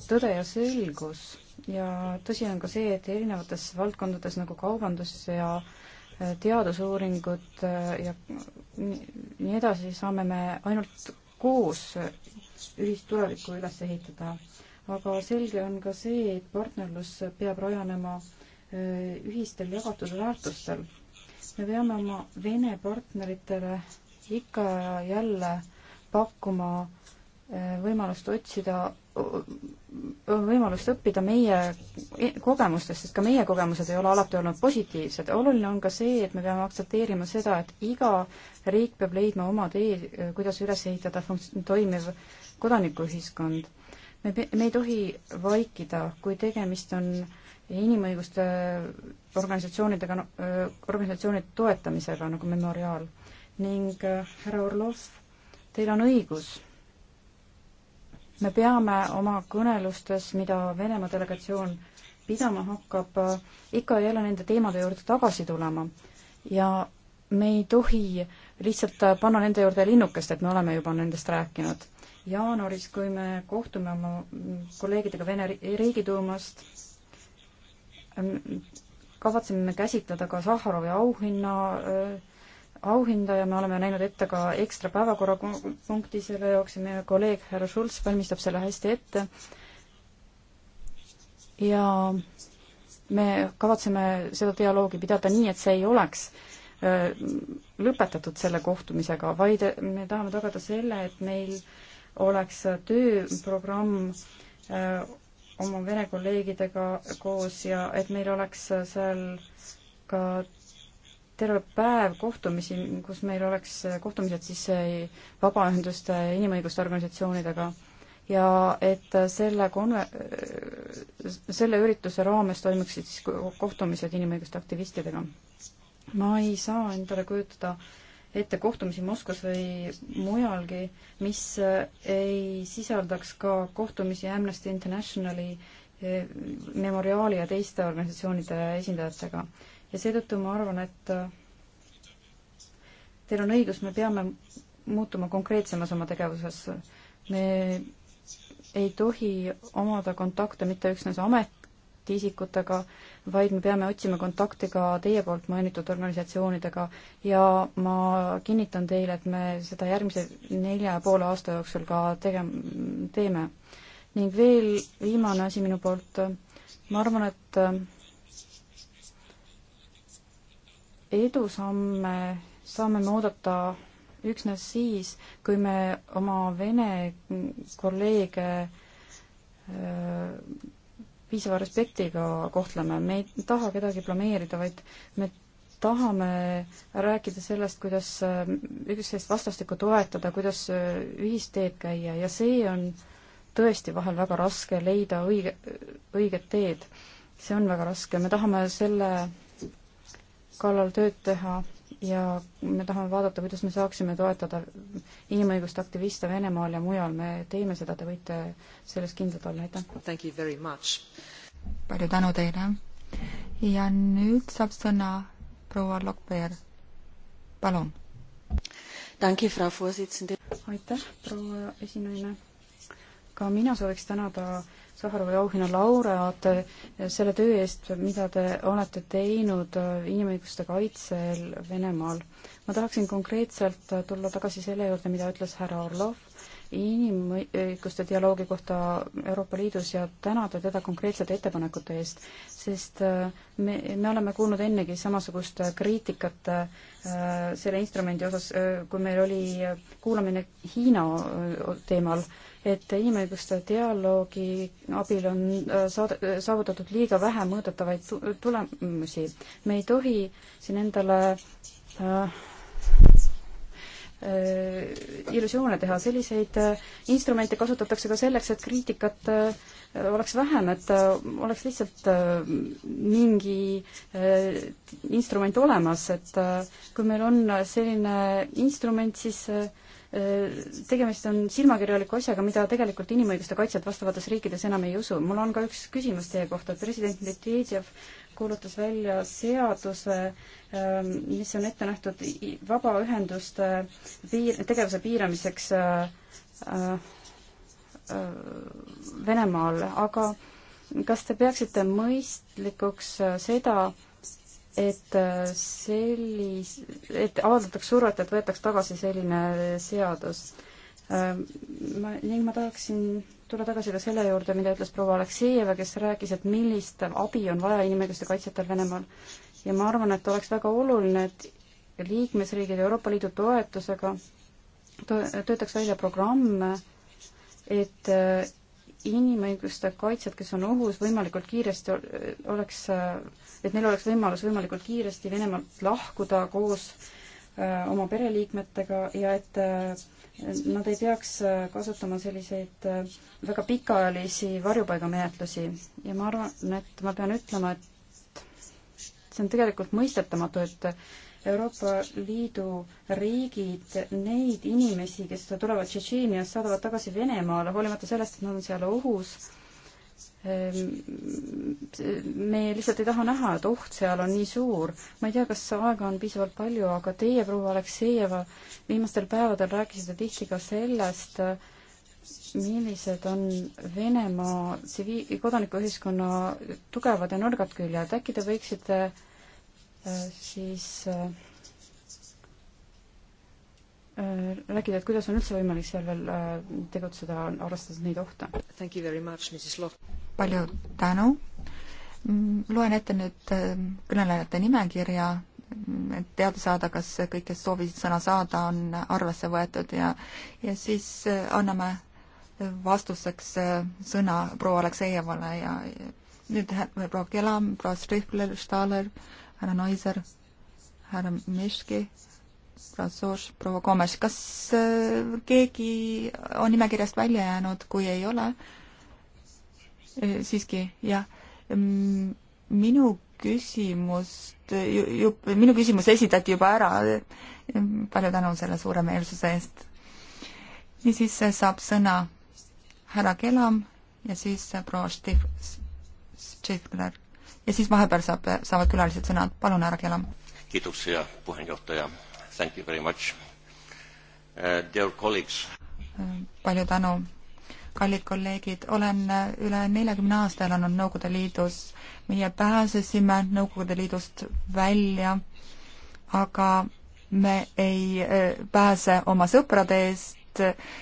tõde ja selgus ja tõsi on ka see, et erinevates valdkondades nagu kaubandus ja teadusuuringud ja nii edasi, saame me ainult koos ühist tulevikku üles ehitada. aga selge on ka see, et partnerlus peab rajanema äh, ühistel jagatud väärtustel. me peame oma Vene partneritele ikka ja jälle pakkuma äh, võimalust otsida, võimalust õppida meie kogemustest, sest ka meie kogemused ei ole alati olnud positiivsed. oluline on ka see, et me peame aktsepteerima seda, et iga riik peab leidma oma tee, kuidas üles ehitada toimiv kodanikuühiskond. me, me ei tohi vaikida, kui tegemist on inimõiguste organisatsioonidega, organisatsioonide toetamisega nagu Memoriaal. ning härra Orlov, teil on õigus. me peame oma kõnelustes, mida Venemaa delegatsioon pidama hakkab, ikka ja jälle nende teemade juurde tagasi tulema. ja me ei tohi lihtsalt panna nende juurde linnukest, et me oleme juba nendest rääkinud jaanuaris, kui me kohtume oma kolleegidega Vene Riigiduumast, kavatseme me käsitleda ka Sahharovi auhinna, äh, auhinda ja me oleme näinud ette ka ekstra päevakorrapunkti selle jaoks ja meie kolleeg härra Schulz valmistab selle hästi ette. ja me kavatseme seda dialoogi pidada nii, et see ei oleks äh, lõpetatud selle kohtumisega, vaid äh, me tahame tagada selle, et meil äh, oleks tööprogramm äh, oma vene kolleegidega koos ja et meil oleks seal ka terve päev kohtumisi, kus meil oleks kohtumised siis äh, vabaühenduste ja inimõiguste organisatsioonidega. ja et selle konve-, äh, selle ürituse raames toimuksid siis kohtumised inimõiguste aktivistidega. ma ei saa endale kujutada äh, ette kohtumisi Moskvas või mujalgi, mis eh, ei sisaldaks ka kohtumisi Amnesty Internationali eh, memoriaali ja teiste organisatsioonide esindajatega. ja seetõttu ma arvan, et eh, teil on õigus, me peame muutuma konkreetsemas oma tegevuses. me ei tohi omada kontakte mitte üksnes ametiisikutega, vaid me peame otsima kontakte ka teie poolt mainitud organisatsioonidega ja ma kinnitan teile, et me seda järgmise nelja ja poole aasta jooksul ka tegem-, teeme. ning veel viimane asi minu poolt, ma arvan, et äh, edusamme saame me oodata üksnes siis, kui me oma vene kolleege äh, piisava respektiga kohtleme, me ei taha kedagi blameerida, vaid me tahame rääkida sellest, kuidas äh, üksteist vastastikku toetada, kuidas äh, ühisteed käia ja see on tõesti vahel väga raske leida õige, õiget teed. see on väga raske, me tahame selle kallal tööd teha ja me tahame vaadata, kuidas me saaksime toetada inimõiguste aktiviste Venemaal ja mujal, me teeme seda, te võite selles kindlad olla, aitäh! palju tänu teile! ja nüüd saab sõna proua Lokbeer, palun! aitäh, proua esinaine! ka mina sooviks tänada Saharovi auhinna laureaate eh, selle töö eest, mida te olete teinud eh, inimõiguste kaitsel Venemaal. ma tahaksin konkreetselt eh, tulla tagasi selle juurde, mida ütles härra Orlov inimõiguste dialoogi kohta Euroopa Liidus ja tänada teda konkreetsete ettepanekute eest, sest me, me oleme kuulnud ennegi samasugust kriitikat äh, selle instrumendi osas äh,, kui meil oli kuulamine Hiina teemal et inimõiguste dialoogi abil on äh, saad-, saavutatud liiga vähe mõõdetavaid tulemusi. me ei tohi siin endale äh, äh illusioone teha, selliseid äh, instrumente kasutatakse ka selleks, et kriitikat oleks vähem, et oleks lihtsalt mingi instrument olemas, et kui meil on selline instrument, siis tegemist on silmakirjaliku asjaga, mida tegelikult inimõiguste kaitsjad vastavates riikides enam ei usu. mul on ka üks küsimus teie kohta. president Medvedjev kuulutas välja seaduse, ähm, mis on ette nähtud vabaühenduste piir, tegevuse piiramiseks äh, äh, äh, Venemaal, aga kas te peaksite mõistlikuks seda, et äh, sellis, et avaldatakse survet, et võetaks tagasi selline seadus. Ähm, ma, ning ma tahaksin tulla tagasi ka selle juurde, mida ütles proua Aleksejeva, kes rääkis, et millist abi on vaja inimõiguste kaitsjatel Venemaal. ja ma arvan, et oleks väga oluline, et liikmesriigid Euroopa Liidu toetusega to-, töötaks välja programme, et äh, inimõiguste kaitsjad, kes on ohus, võimalikult kiiresti oleks, et neil oleks võimalus võimalikult kiiresti Venemaalt lahkuda koos äh, oma pereliikmetega ja et äh, nad ei peaks äh, kasutama selliseid väga pikaajalisi varjupaigamenetlusi. ja ma arvan, et ma pean ütlema, et see on tegelikult mõistetamatu, et Euroopa Liidu riigid neid inimesi, kes tulevad Tšetšeeniast, saadavad tagasi Venemaale, hoolimata sellest, et nad on seal ohus. Ehm, me lihtsalt ei taha näha, et oht seal on nii suur. ma ei tea, kas aega on piisavalt palju, aga teie, proua Aleksejeva, viimastel päevadel rääkisite tihti ka sellest, millised on Venemaa tsiviil-, kodanikuühiskonna tugevad ja nõrgad küljed, äkki te võiksite siis äh, äh, rääkida, et kuidas on üldse võimalik seal veel äh, tegutseda, arvestades neid ohte. palju tänu. Mm, loen ette nüüd kõnelejate nimekirja, mm, et teada saada, kas kõik, kes soovisid sõna saada, on arvesse võetud ja, ja siis anname vastuseks sõna proua Aleksejevale ja nüüd proua Kelam, proua Strihler, Staler, härra Noiser, härra Miški, Franzoos, proua Gomes, kas äh, keegi on nimekirjast välja jäänud, kui ei ole? Äh, siiski, jah. minu küsimust, minu küsimus esitati juba ära. palju tänu selle suuremeelsuse eest. niisiis äh, saab sõna härra Kelam ja siis proua Stif-, Stifler ja siis vahepeal saab, saavad külalised sõna. palun, härra Kelam. kiitoksia, puhenjuhataja. Thank you very much uh,. Dear colleagues. palju tänu. kallid kolleegid, olen uh, üle neljakümne aasta elanud Nõukogude Liidus. meie pääsesime Nõukogude Liidust välja, aga me ei uh, pääse oma sõprade eest, uh,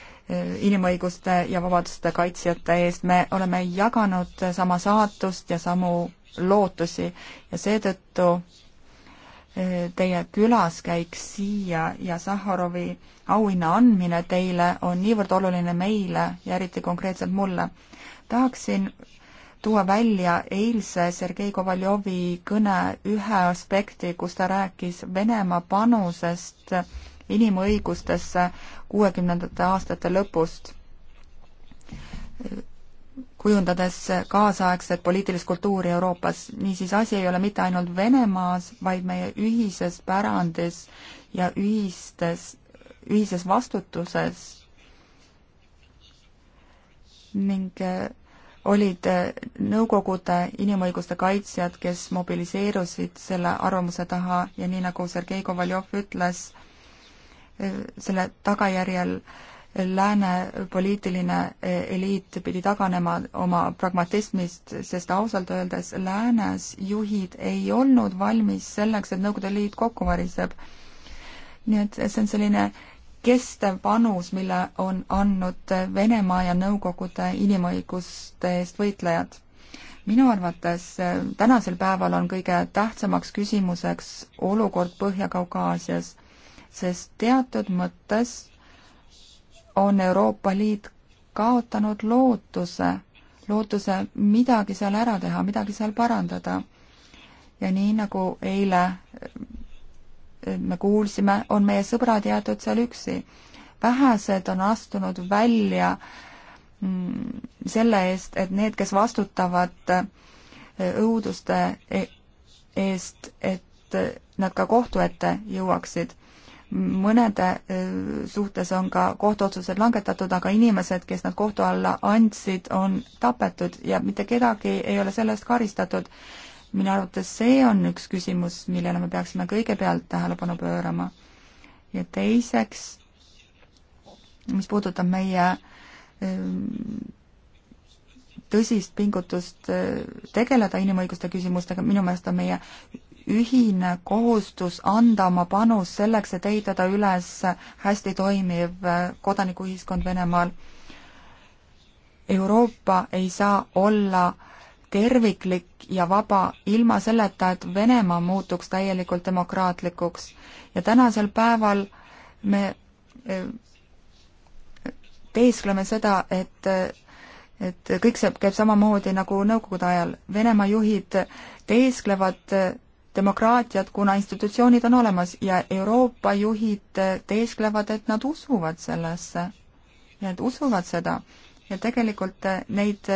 inimõiguste ja vabaduste kaitsjate eest, me oleme jaganud sama saatust ja samu lootusi ja seetõttu eh, teie külaskäik siia ja Sahharovi auhinna andmine teile on niivõrd oluline meile ja eriti konkreetselt mulle. tahaksin tuua välja eilse Sergei Kovaljovi kõne ühe aspekti, kus ta rääkis Venemaa panusest inimõigustesse kuuekümnendate aastate lõpust kujundades kaasaegset poliitilist kultuuri Euroopas. niisiis, asi ei ole mitte ainult Venemaas, vaid meie ühises pärandis ja ühistes, ühises vastutuses ning äh, olid äh, Nõukogude inimõiguste kaitsjad, kes mobiliseerusid selle arvamuse taha ja nii, nagu Sergei Kovaljov ütles, äh, selle tagajärjel äh, lääne poliitiline e, eliit pidi taganema oma pragmatismist, sest ausalt öeldes läänes juhid ei olnud valmis selleks, et Nõukogude Liit kokku variseb. nii et see on selline kestev panus, mille on andnud Venemaa ja Nõukogude inimõiguste eest võitlejad. minu arvates e, tänasel päeval on kõige tähtsamaks küsimuseks olukord Põhja-Kaukaasias, sest teatud mõttes on Euroopa Liit kaotanud lootuse, lootuse midagi seal ära teha, midagi seal parandada. ja nii, nagu eile eh, me kuulsime, on meie sõbrad jäetud seal üksi. vähesed on astunud välja mm, selle eest, et need, kes vastutavad eh, õuduste e-, eest, et eh, nad ka kohtu ette jõuaksid mõnede äh, suhtes on ka kohtuotsused langetatud, aga inimesed, kes nad kohtu alla andsid, on tapetud ja mitte kedagi ei ole selle eest karistatud. minu arvates see on üks küsimus, millele me peaksime kõigepealt tähelepanu pöörama. ja teiseks, mis puudutab meie äh, tõsist pingutust äh, tegeleda inimõiguste küsimustega, minu meelest on meie ühine kohustus anda oma panus selleks, et ehitada üles hästi toimiv äh, kodanikuühiskond Venemaal. Euroopa ei saa olla terviklik ja vaba ilma selleta, et Venemaa muutuks täielikult demokraatlikuks. ja tänasel päeval me äh, teeskleme seda, et et kõik see käib samamoodi nagu Nõukogude ajal. Venemaa juhid teesklevad äh, demokraatiat, kuna institutsioonid on olemas ja Euroopa juhid teesklevad, et nad usuvad sellesse. Nad usuvad seda ja tegelikult neid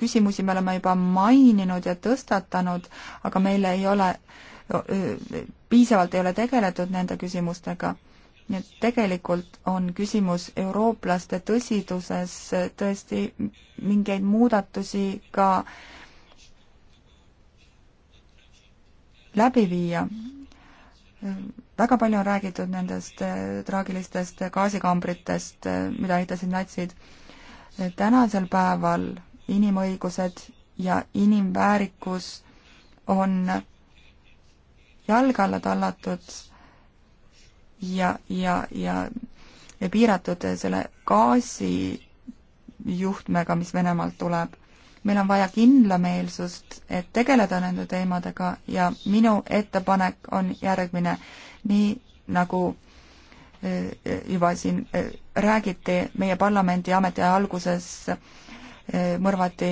küsimusi me oleme juba maininud ja tõstatanud, aga meil ei ole, piisavalt ei ole tegeletud nende küsimustega. nii et tegelikult on küsimus eurooplaste tõsiduses tõesti mingeid muudatusi ka äh, läbi viia. väga palju on räägitud nendest äh, traagilistest gaasikambritest, äh, mida ehitasid natsid. Äh, tänasel päeval inimõigused ja inimväärikus on jalge alla tallatud ja, ja, ja, ja piiratud selle gaasijuhtmega, mis Venemaalt tuleb meil on vaja kindlameelsust, et tegeleda nende teemadega ja minu ettepanek on järgmine. nii nagu eh, juba siin eh, räägiti, meie parlamendi ametiaja alguses eh, mõrvati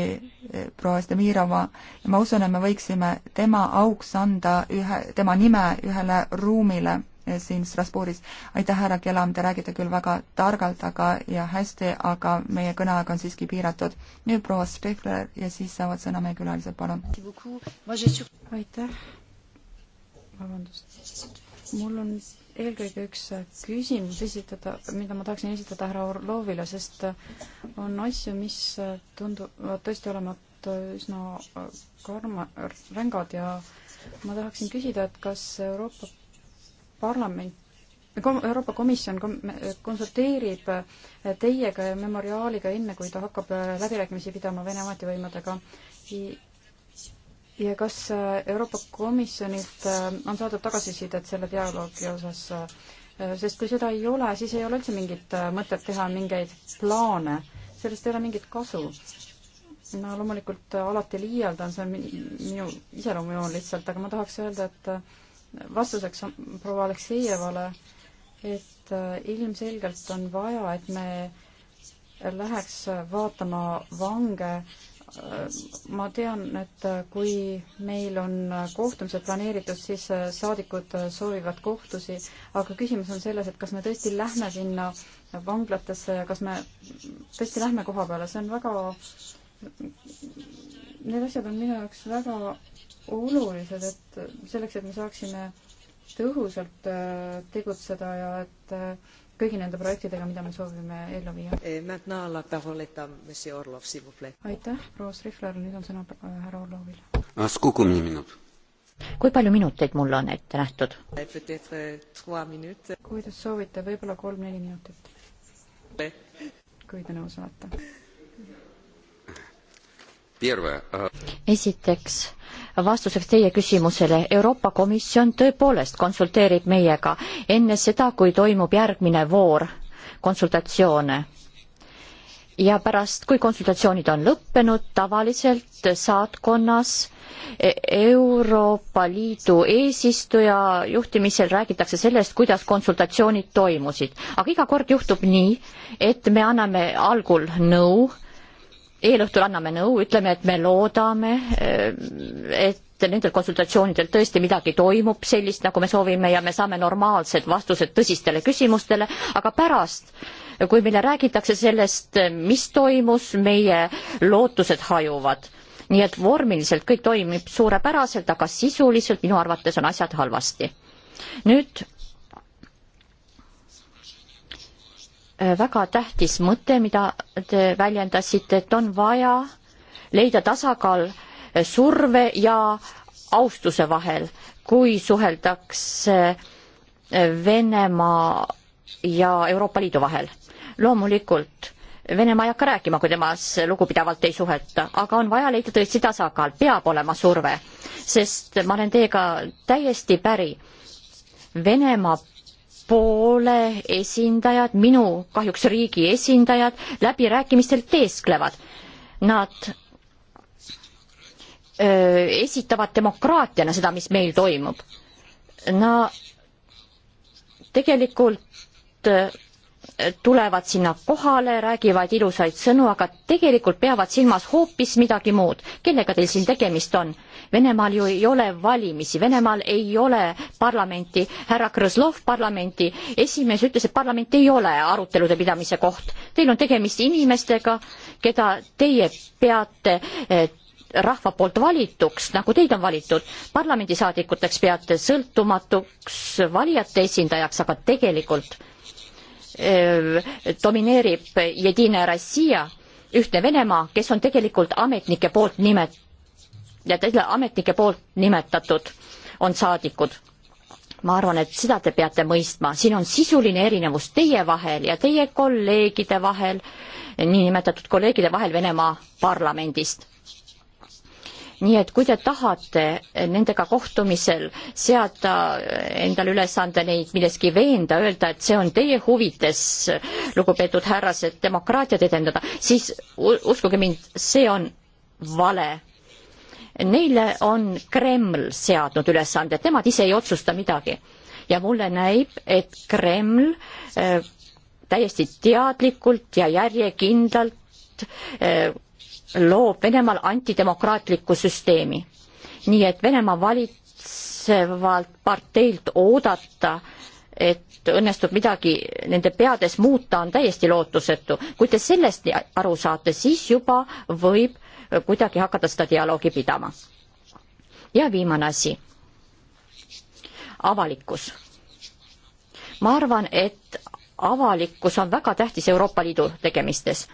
proua Stemirova ja ma usun, et me võiksime tema auks anda ühe, tema nime ühele ruumile Eh, siin Strasbourgis. aitäh, härra Kelam, te räägite küll väga targalt, aga, ja hästi, aga meie kõneaeg on siiski piiratud. nüüd proua Strihler ja siis saavad sõna meie külalised, palun. aitäh. vabandust. mul on eelkõige üks küsimus esitada, mida ma tahaksin esitada härra Orlovile, sest on asju, mis tunduvad tõesti olevat üsna karma, rängad ja ma tahaksin küsida, et kas Euroopa parlament Euroopa Komisjon konsulteerib eh, teiega ja memoriaaliga enne, kui ta hakkab eh, läbirääkimisi pidama Vene ametivõimudega. ja kas eh, Euroopa Komisjonilt on saadud tagasisidet selle dialoogi osas? sest kui seda ei ole, siis ei ole üldse mingit mõtet teha mingeid plaane, sellest ei ole mingit kasu. no loomulikult alati liialdan, see on minu iseloomujoon lihtsalt, aga ma tahaks öelda, et vastuseks proua Aleksejevale, et äh, ilmselgelt on vaja, et me läheks vaatama vange. Äh, ma tean, et äh, kui meil on kohtumised planeeritud, siis saadikud soovivad kohtusi, aga küsimus on selles, et kas me tõesti lähme sinna vanglatesse ja kas me tõesti lähme koha peale, see on väga need asjad on minu jaoks väga olulised, et selleks, et me saaksime tõhusalt äh, tegutseda ja et äh, kõigi nende projektidega, mida me soovime ellu viia. Eh, aitäh, proua Strihler, nüüd on sõna äh, härra Orlovil. kui palju minuteid mul on ette nähtud? Eh, euh, kuidas soovite, võib-olla kolm-neli minutit. Eh. kui te nõus olete. esiteks vastuseks teie küsimusele, Euroopa Komisjon tõepoolest konsulteerib meiega enne seda, kui toimub järgmine voor konsultatsioone. ja pärast, kui konsultatsioonid on lõppenud, tavaliselt saatkonnas Euroopa Liidu eesistuja juhtimisel räägitakse sellest, kuidas konsultatsioonid toimusid, aga iga kord juhtub nii, et me anname algul nõu no, eelõhtul anname nõu, ütleme, et me loodame, et nendel konsultatsioonidel tõesti midagi toimub sellist, nagu me soovime ja me saame normaalsed vastused tõsistele küsimustele, aga pärast, kui meile räägitakse sellest, mis toimus, meie lootused hajuvad. nii et vormiliselt kõik toimib suurepäraselt, aga sisuliselt minu arvates on asjad halvasti. nüüd Äh, väga tähtis mõte, mida te väljendasite, et on vaja leida tasakaal äh, surve ja austuse vahel, kui suheldakse äh, Venemaa ja Euroopa Liidu vahel. loomulikult Venemaa ei hakka rääkima, kui temas lugupidavalt ei suhelda, aga on vaja leida tõesti tasakaal, peab olema surve, sest ma olen teiega täiesti päri. Venemaa poole esindajad, minu kahjuks riigi esindajad läbirääkimistel teesklevad. Nad öö, esitavad demokraatiana seda, mis meil toimub. Nad tegelikult tulevad sinna kohale, räägivad ilusaid sõnu, aga tegelikult peavad silmas hoopis midagi muud. kellega teil siin tegemist on? Venemaal ju ei ole valimisi, Venemaal ei ole parlamenti. härra Krõslov, parlamendi esimees, ütles, et parlament ei ole arutelude pidamise koht. Teil on tegemist inimestega, keda teie peate eh, rahva poolt valituks, nagu teid on valitud, parlamendisaadikuteks peate sõltumatuks valijate esindajaks, aga tegelikult Äh, domineerib Jedina Rossija, ühtne Venemaa, kes on tegelikult ametnike poolt nimet-, ja teile ametnike poolt nimetatud on saadikud. ma arvan, et seda te peate mõistma, siin on sisuline erinevus teie vahel ja teie kolleegide vahel, niinimetatud kolleegide vahel Venemaa parlamendist nii et kui te tahate nendega kohtumisel seada endale ülesande neid milleski veenda, öelda, et see on teie huvides, lugupeetud härrased, demokraatiat edendada, siis uskuge mind, see on vale neile on Kreml seadnud ülesanded, nemad ise ei otsusta midagi. ja mulle näib, et Kreml äh, täiesti teadlikult ja järjekindlalt äh, loob Venemaal antidemokraatlikku süsteemi. nii et Venemaa valitsevalt parteilt oodata, et õnnestub midagi nende peades muuta, on täiesti lootusetu. kui te sellest aru saate, siis juba võib kuidagi hakata seda dialoogi pidama. ja viimane asi. avalikkus. ma arvan, et avalikkus on väga tähtis Euroopa Liidu tegemistes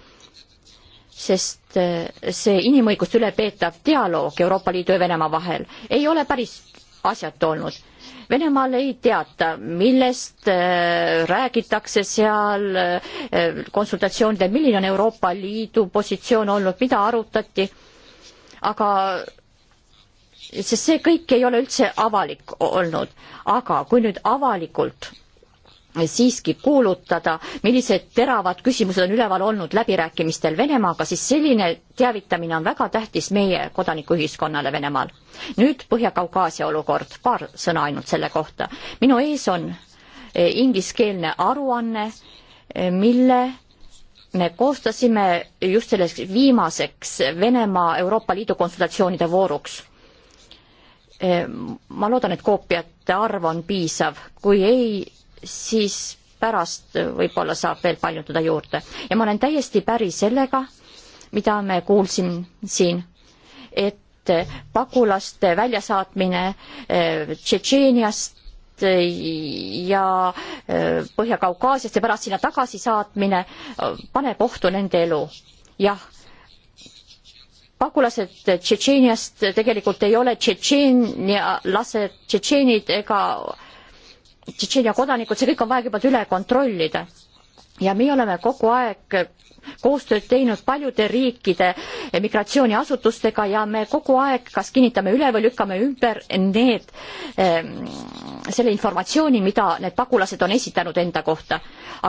sest eh, see inimõiguste üle peetav dialoog Euroopa Liidu ja Venemaa vahel ei ole päris asjatu olnud. Venemaal ei teata, millest eh, räägitakse seal eh, konsultatsioonidel, milline on Euroopa Liidu positsioon olnud, mida arutati, aga sest see kõik ei ole üldse avalik olnud, aga kui nüüd avalikult siiski kuulutada, millised teravad küsimused on üleval olnud läbirääkimistel Venemaaga, siis selline teavitamine on väga tähtis meie kodanikuühiskonnale Venemaal. nüüd Põhja-Kaukaasia olukord, paar sõna ainult selle kohta. minu ees on e, ingliskeelne aruanne, e, mille me koostasime just selleks viimaseks Venemaa Euroopa Liidu konsultatsioonide vooruks e, ma loodan, et koopiate arv on piisav, kui ei, siis pärast võib-olla saab veel paljundada juurde. ja ma olen täiesti päri sellega, mida me kuulsin siin, et pagulaste väljasaatmine eh, Tšetšeeniast ja eh, Põhja-Kaukaasiast ja pärast sinna tagasisaatmine eh, paneb ohtu nende elu. jah, pagulased Tšetšeeniast tegelikult ei ole tšetšeenlased, tšetšeenid ega Tšetšeenia kodanikud, see kõik on vaja kõigepealt üle kontrollida. ja meie oleme kogu aeg koostööd teinud paljude riikide migratsiooniasutustega ja me kogu aeg kas kinnitame üle või lükkame ümber need, ehm, selle informatsiooni, mida need pagulased on esitanud enda kohta.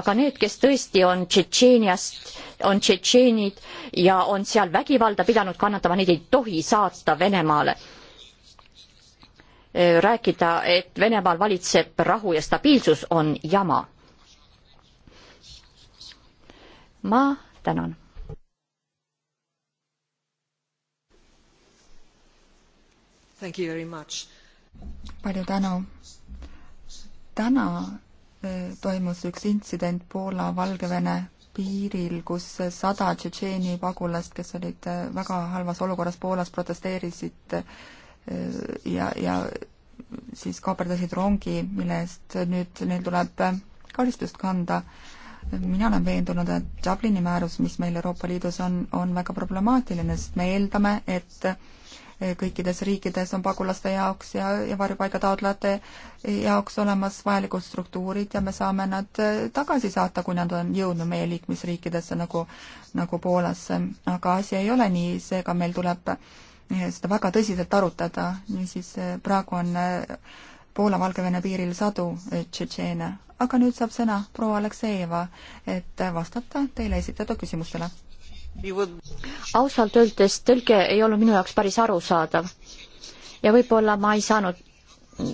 aga need, kes tõesti on Tšetšeeniast, on tšetšeenid ja on seal vägivalda pidanud kannatama, neid ei tohi saata Venemaale Eh, rääkida, et Venemaal valitseb rahu ja stabiilsus, on jama. ma tänan. palju tänu. täna eh, toimus üks intsident Poola-Valgevene piiril, kus sada Tšetšeeni pagulast, kes olid eh, väga halvas olukorras Poolas, protesteerisid ja, ja siis kaaperdasid rongi, mille eest nüüd neil tuleb karistust kanda. mina olen veendunud, et Dublini määrus, mis meil Euroopa Liidus on, on väga problemaatiline, sest me eeldame, et kõikides riikides on pagulaste jaoks ja, ja varjupaigataotlejate jaoks olemas vajalikud struktuurid ja me saame nad tagasi saata, kui nad on jõudnud meie liikmesriikidesse nagu, nagu Poolasse. aga asi ei ole nii, seega meil tuleb äh, seda väga tõsiselt arutada, niisiis eh, praegu on eh, Poola-Valgevene piiril sadu eh, tšetšeene, aga nüüd saab sõna proua Aleksejeva, et vastata teile esitatud küsimustele. ausalt öeldes tõlge ei olnud minu jaoks päris arusaadav ja võib-olla ma ei saanud,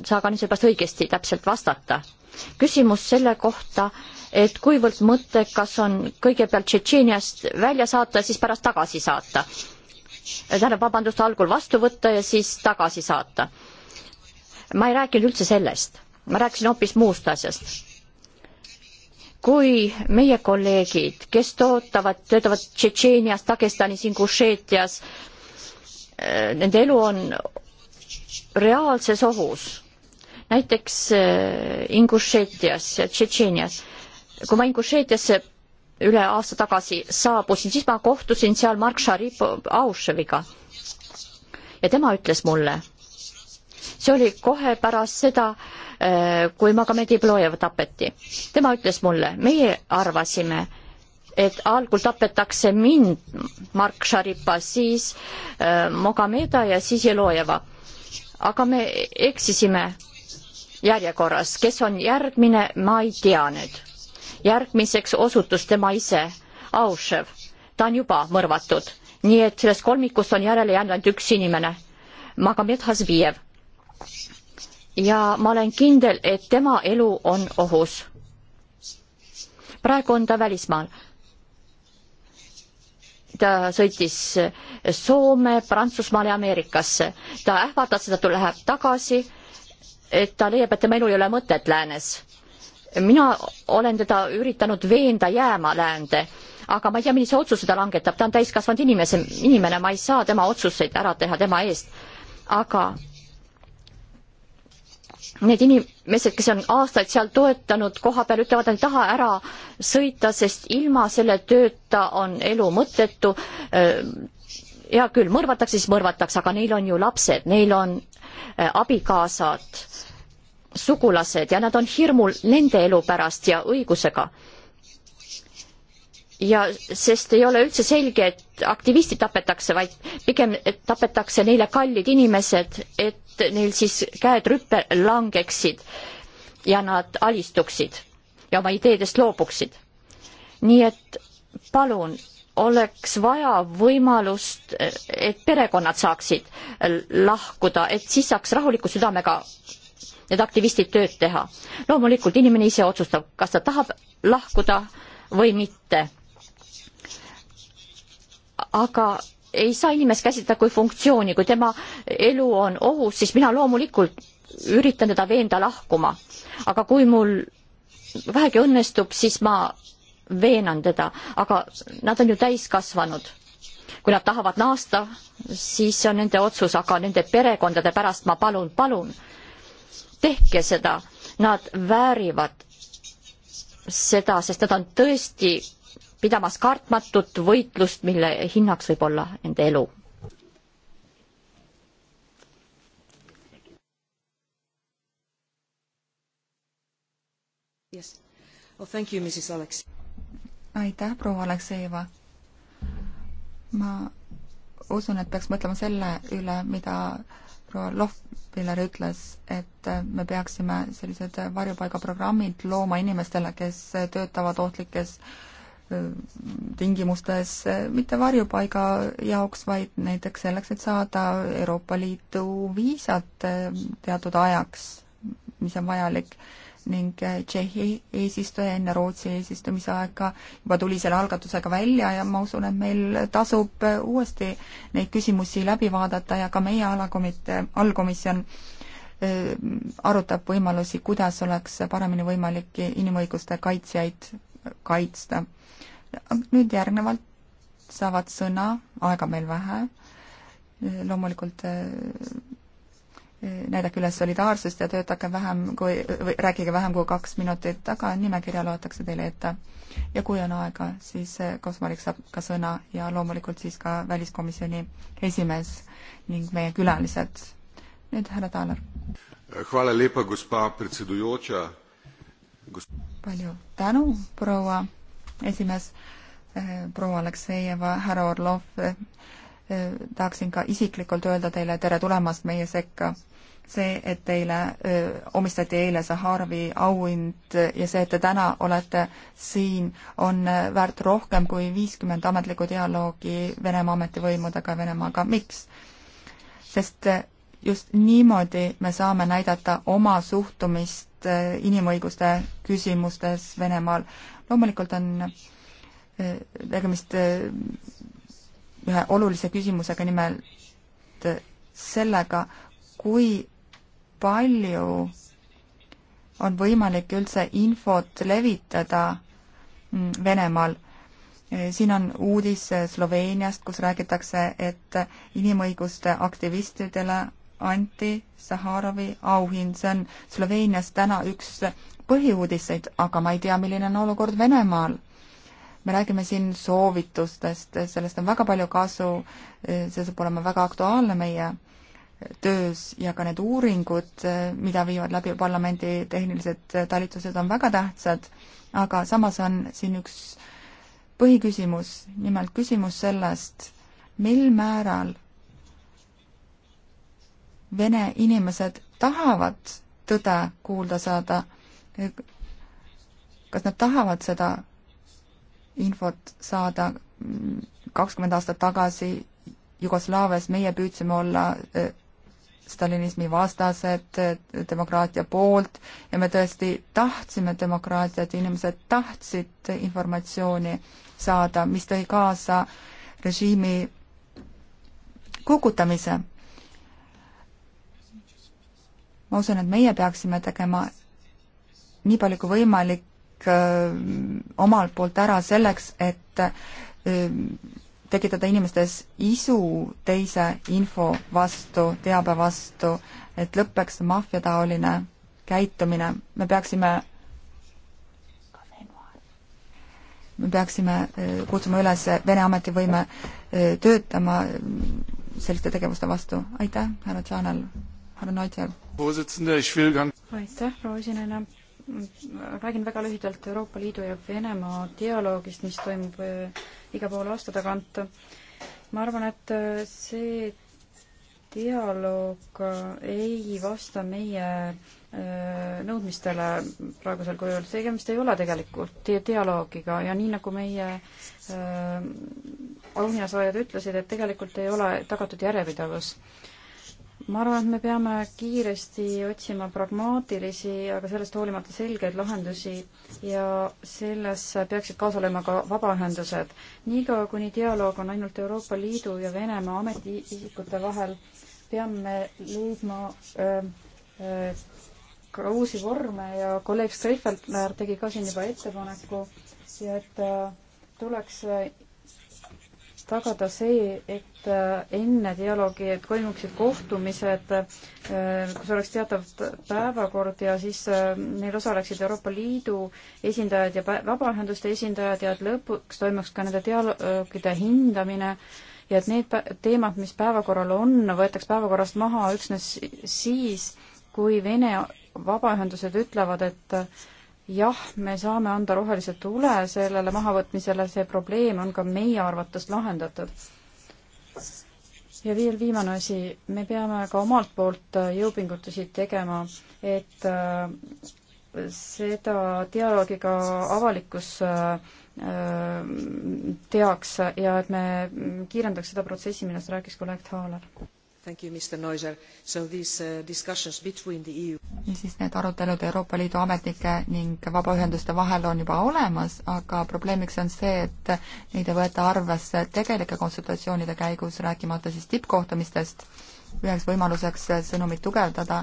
saa ka nüüd seepärast õigesti täpselt vastata. küsimus selle kohta, et kuivõrd mõttekas on kõigepealt Tšetšeeniast välja saata ja siis pärast tagasi saata Äh, tähendab, vabandust, algul vastu võtta ja siis tagasi saata. ma ei rääkinud üldse sellest, ma rääkisin hoopis muust asjast. kui meie kolleegid, kes tootavad, töötavad Tšetšeenias, Dagestanis, Ingušeetias, äh, nende elu on reaalses ohus, näiteks äh, Ingušeetias ja Tšetšeenias, kui ma Ingušeetiasse üle aasta tagasi saabusin, siis ma kohtusin seal Mark Šaripo Auševiga. ja tema ütles mulle, see oli kohe pärast seda, äh, kui Magomed Iblojev tapeti. tema ütles mulle, meie arvasime, et algul tapetakse mind, Mark Šaripa, siis äh, Mogomeda ja siis Jelojeva. aga me eksisime järjekorras, kes on järgmine, ma ei tea nüüd järgmiseks osutus tema ise, Aušev. ta on juba mõrvatud, nii et sellest kolmikust on järele jäänud ainult üks inimene, Magomed Hazvijev. ja ma olen kindel, et tema elu on ohus. praegu on ta välismaal ta sõitis Soome, Prantsusmaale ja Ameerikasse. ta ähvardas, et ta läheb tagasi, et ta leiab, et tema elul ei ole mõtet läänes mina olen teda üritanud veenda jääma läände, aga ma ei tea, millise otsuse ta langetab, ta on täiskasvanud inimese, inimene, ma ei saa tema otsuseid ära teha tema eest. aga need inimesed, kes on aastaid seal toetanud, koha peal ütlevad, et ei taha ära sõita, sest ilma selle tööta on elu mõttetu. Äh, hea küll, mõrvatakse, siis mõrvatakse, aga neil on ju lapsed, neil on äh, abikaasad sugulased ja nad on hirmul nende elu pärast ja õigusega. ja sest ei ole üldse selge, et aktivistid tapetakse, vaid pigem tapetakse neile kallid inimesed, et neil siis käed rüppe langeksid ja nad alistuksid ja oma ideedest loobuksid. nii et palun, oleks vaja võimalust, et perekonnad saaksid lahkuda, et siis saaks rahuliku südamega need aktivistid tööd teha. loomulikult inimene ise otsustab, kas ta tahab lahkuda või mitte. aga ei saa inimest käsitleda kui funktsiooni, kui tema elu on ohus, siis mina loomulikult üritan teda veenda lahkuma. aga kui mul vähegi õnnestub, siis ma veenan teda, aga nad on ju täiskasvanud. kui nad tahavad naasta, siis see on nende otsus, aga nende perekondade pärast ma palun, palun tehke seda, nad väärivad seda, sest nad on tõesti pidamas kartmatut võitlust, mille hinnaks võib olla nende elu. Yes. Well, thank you, Mrs. Alex. aitäh, proua Aleksejeva. ma usun, et peaks mõtlema selle üle, mida proua Lohviller ütles, et me peaksime sellised varjupaigaprogrammid looma inimestele, kes töötavad ohtlikes tingimustes, mitte varjupaiga jaoks, vaid näiteks selleks, et saada Euroopa Liidu viisat äh, teatud ajaks, mis on vajalik ning Tšehhi eesistuja enne Rootsi eesistumise aega juba tuli selle algatusega välja ja ma usun, et meil tasub uuesti neid küsimusi läbi vaadata ja ka meie alakomitee, allkomisjon arutab võimalusi, kuidas oleks paremini võimalik inimõiguste kaitsjaid kaitsta. nüüd järgnevalt saavad sõna, aega meil vähe, loomulikult näidake üles solidaarsust ja töötage vähem kui, või rääkige vähem kui kaks minutit, aga nimekirja loetakse teile ette. ja kui on aega, siis eh, Kosmolik saab ka sõna ja loomulikult siis ka väliskomisjoni esimees ning meie külalised. nüüd härra Taalar. palju tänu, proua esimees, eh, proua Aleksejeva, härra Orlov, eh, tahaksin ka isiklikult öelda teile tere tulemast meie sekka see, et teile öö, omistati eile Saharovi auhind ja see, et te täna olete siin, on väärt rohkem kui viiskümmend ametlikku dialoogi Venemaa ametivõimudega, Venemaaga, miks? sest just niimoodi me saame näidata oma suhtumist inimõiguste küsimustes Venemaal. loomulikult on tegemist ühe olulise küsimusega, nimelt sellega, kui palju on võimalik üldse infot levitada mm, Venemaal. siin on uudis Sloveeniast, kus räägitakse, et inimõiguste aktivistidele anti Saharovi auhind, see on Sloveenias täna üks põhiuudiseid, aga ma ei tea, milline on olukord Venemaal. me räägime siin soovitustest, sellest on väga palju kasu, see saab olema väga aktuaalne meie töös ja ka need uuringud, äh, mida viivad läbi parlamendi tehnilised äh, talitused, on väga tähtsad, aga samas on siin üks põhiküsimus, nimelt küsimus sellest, mil määral vene inimesed tahavad tõde kuulda saada, kas nad tahavad seda infot saada, kakskümmend aastat tagasi Jugoslaavias meie püüdsime olla äh, stalinismi vastased, eh, demokraatia poolt ja me tõesti tahtsime demokraatiat, inimesed tahtsid informatsiooni saada, mis tõi kaasa režiimi kukutamise. ma usun, et meie peaksime tegema nii palju kui võimalik eh, omalt poolt ära selleks, et öö, eh, tekitada inimestes isu teise info vastu, teabe vastu, et lõpeks maffiataoline käitumine, me peaksime me peaksime e, kutsuma üles Vene ametivõime e, töötama mm, selliste tegevuste vastu. aitäh, härra Tšanel, härra Neutšel. aitäh, proua esineja. Mm, räägin väga lühidalt Euroopa Liidu ja Venemaa dialoogist, mis toimub e, iga poole aasta tagant. ma arvan, et äh, see dialoog äh, ei vasta meie äh, nõudmistele praegusel kujul, tegemist ei ole tegelikult dialoogiga ja nii, nagu meie auhinnasaajad ütlesid, et tegelikult ei ole tagatud järjepidevus ma arvan, et me peame kiiresti otsima pragmaatilisi, aga sellest hoolimata selgeid lahendusi ja selles peaksid kaasa olema ka vabaühendused. niikaua, kuni dialoog on ainult Euroopa Liidu ja Venemaa ametiisikute vahel, peame leidma öö, ähm, öö, äh, ka uusi vorme ja kolleeg Streifeldt tegi ka siin juba ettepaneku ja et äh, tuleks tagada see, et äh, enne dialoogi, et toimuksid kohtumised, äh, kus oleks teatav päevakord ja siis äh, neil osaleksid Euroopa Liidu esindajad ja vabaühenduste esindajad ja et lõpuks toimuks ka nende dialoogide hindamine ja et need teemad, mis päevakorral on, võetaks päevakorrast maha üksnes siis, kui Vene vabaühendused ütlevad, et jah, me saame anda rohelise tule sellele mahavõtmisele, see probleem on ka meie arvates lahendatud. ja veel viimane asi, me peame ka omalt poolt jõupingutusi tegema, et äh, seda dialoogi ka avalikkus äh, teaks ja et me kiirendaks seda protsessi, millest rääkis kolleeg Taaler. Thank you, Mr Neuser. So these uh, discussions between the EU niisiis need arutelud Euroopa Liidu ametnike ning vabaühenduste vahel on juba olemas, aga probleemiks on see, et neid ei võeta arvesse tegelike konsultatsioonide käigus, rääkimata siis tippkohtumistest. üheks võimaluseks sõnumit tugevdada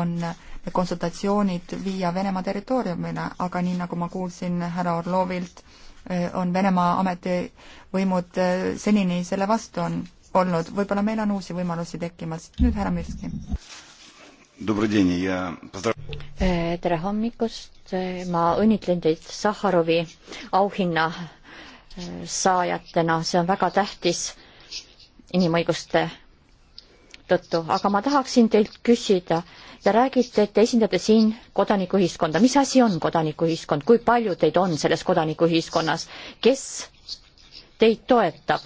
on need konsultatsioonid viia Venemaa territooriumile, aga nii, nagu ma kuulsin härra Orlovilt, eh, on Venemaa ametivõimud eh, senini selle vastu on olnud, võib-olla meil on uusi võimalusi tekkimas. nüüd härra Mirski. Äh, tere hommikust, äh, ma õnnitlen teid Sahharovi auhinna äh, saajatena, see on väga tähtis inimõiguste tõttu, aga ma tahaksin teilt küsida, te räägite, et te esindate siin kodanikuühiskonda, mis asi on kodanikuühiskond, kui palju teid on selles kodanikuühiskonnas, kes teid toetab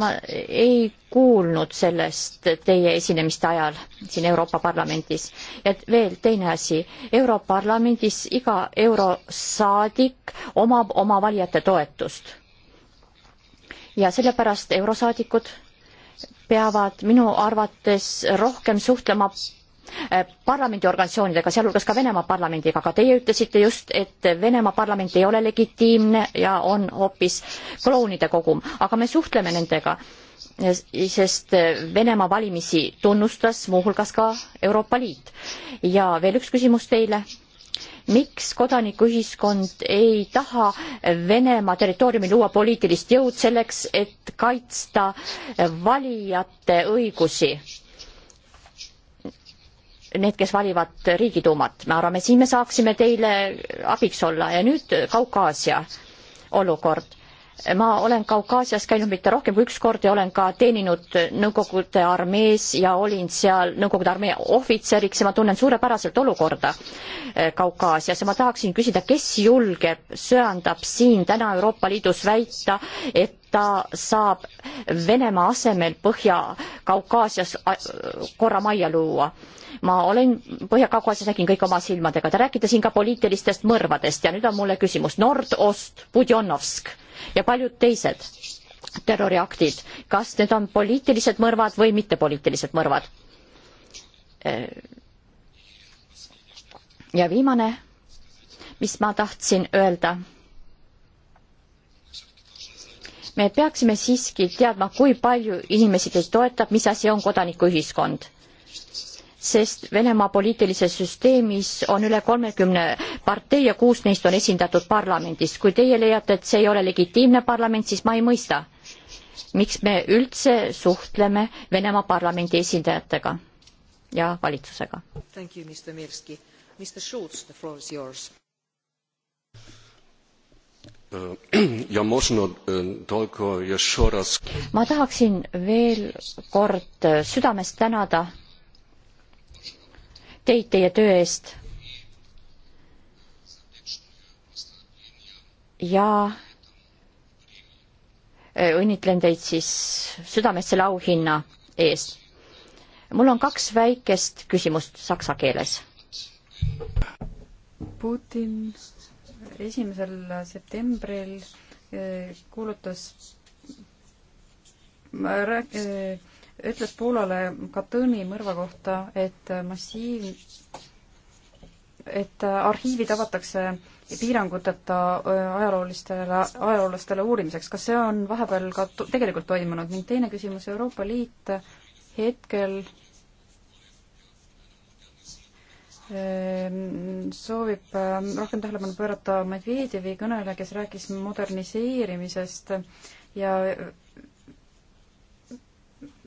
ma ei kuulnud sellest teie esinemiste ajal siin Euroopa Parlamendis. ja veel teine asi, Europarlamendis iga eurosaadik omab oma valijate toetust. ja sellepärast eurosaadikud peavad minu arvates rohkem suhtlema Äh, parlamendiorganisatsioonidega, sealhulgas ka Venemaa parlamendiga, aga teie ütlesite just, et Venemaa parlament ei ole legitiimne ja on hoopis klounide kogum, aga me suhtleme nendega, äh, sest äh, Venemaa valimisi tunnustas muuhulgas ka Euroopa Liit. ja veel üks küsimus teile miks kodanikuühiskond ei taha Venemaa territooriumil luua poliitilist jõud selleks, et kaitsta valijate õigusi need, kes valivad Riigiduumat. me arvame, siin me saaksime teile abiks olla ja nüüd Kaukaasia olukord ma olen Kaukaasias käinud mitte rohkem kui üks kord ja olen ka teeninud Nõukogude armees ja olin seal Nõukogude armee ohvitseriks ja ma tunnen suurepäraselt olukorda eh, Kaukaasias ja ma tahaksin küsida, kes julgeb, söandab siin täna Euroopa Liidus väita, et ta saab Venemaa asemel Põhja-Kaukaasias eh, korra majja luua. ma olen Põhja-Kaukaasias nägin kõik oma silmadega, te räägite siin ka poliitilistest mõrvadest ja nüüd on mulle küsimus Nordost, Budjonovsk ja paljud teised terroriaktid, kas need on poliitilised mõrvad või mittepoliitilised mõrvad. ja viimane, mis ma tahtsin öelda. me peaksime siiski teadma, kui palju inimesi teid toetab, mis asi on kodanikuühiskond sest Venemaa poliitilises süsteemis on üle kolmekümne partei ja kuus neist on esindatud parlamendis. kui teie leiate, et see ei ole legitiimne parlament, siis ma ei mõista, miks me üldse suhtleme Venemaa parlamendi esindajatega ja valitsusega. ma tahaksin veel kord südamest tänada teid teie töö eest. ja äh, õnnitlen teid siis südamest selle auhinna eest. mul on kaks väikest küsimust saksa keeles. Putin esimesel septembril äh, kuulutas äh, rääk-, ütles Poolale Katõni mõrva kohta, et massiiv, et arhiivid avatakse piiranguteta äh, ajaloolistele, ajaloolastele uurimiseks. kas see on vahepeal ka tegelikult toimunud ning teine küsimus, Euroopa Liit hetkel ähm, soovib ähm, rohkem tähelepanu pöörata Medvedjevi kõnele, kes rääkis moderniseerimisest ja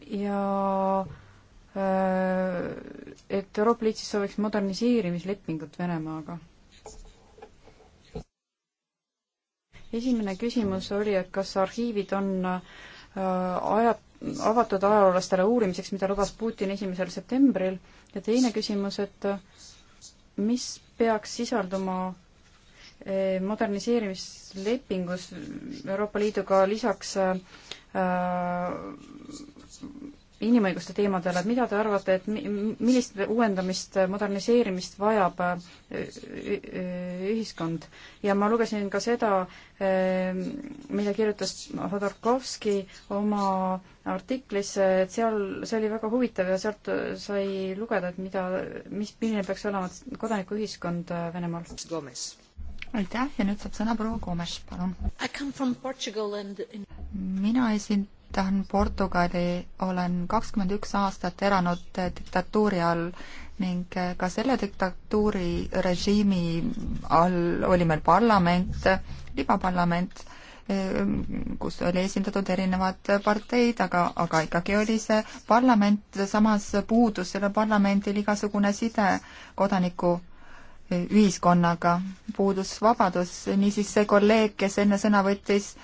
ja äh, et Euroopa Liit siis sooviks moderniseerimislepingut Venemaaga. esimene küsimus oli, et kas arhiivid on äh, ajat-, avatud ajaloolastele uurimiseks, mida lubas Putin esimesel septembril, ja teine küsimus, et äh, mis peaks sisalduma moderniseerimislepingus Euroopa Liiduga lisaks äh, inimõiguste teemadele, et mida te arvate, et millist uuendamist, moderniseerimist vajab äh, äh, ühiskond? ja ma lugesin ka seda, ähm, mida kirjutas Hodorkovski oma artiklis, et seal, see oli väga huvitav ja sealt sai lugeda, et mida, mis, milline peaks olema kodanikuühiskond äh, Venemaal. aitäh ja nüüd saab sõna proua Gomes, palun. mina esin-, esindan Portugali, olen kakskümmend üks aastat elanud diktatuuri all ning ka selle diktatuuri režiimi all oli meil parlament, libaparlament, kus oli esindatud erinevad parteid, aga, aga ikkagi oli see parlament, samas puudus sellel parlamendil igasugune side kodaniku ühiskonnaga, puudus vabadus, niisiis see kolleeg, kes enne sõna võttis,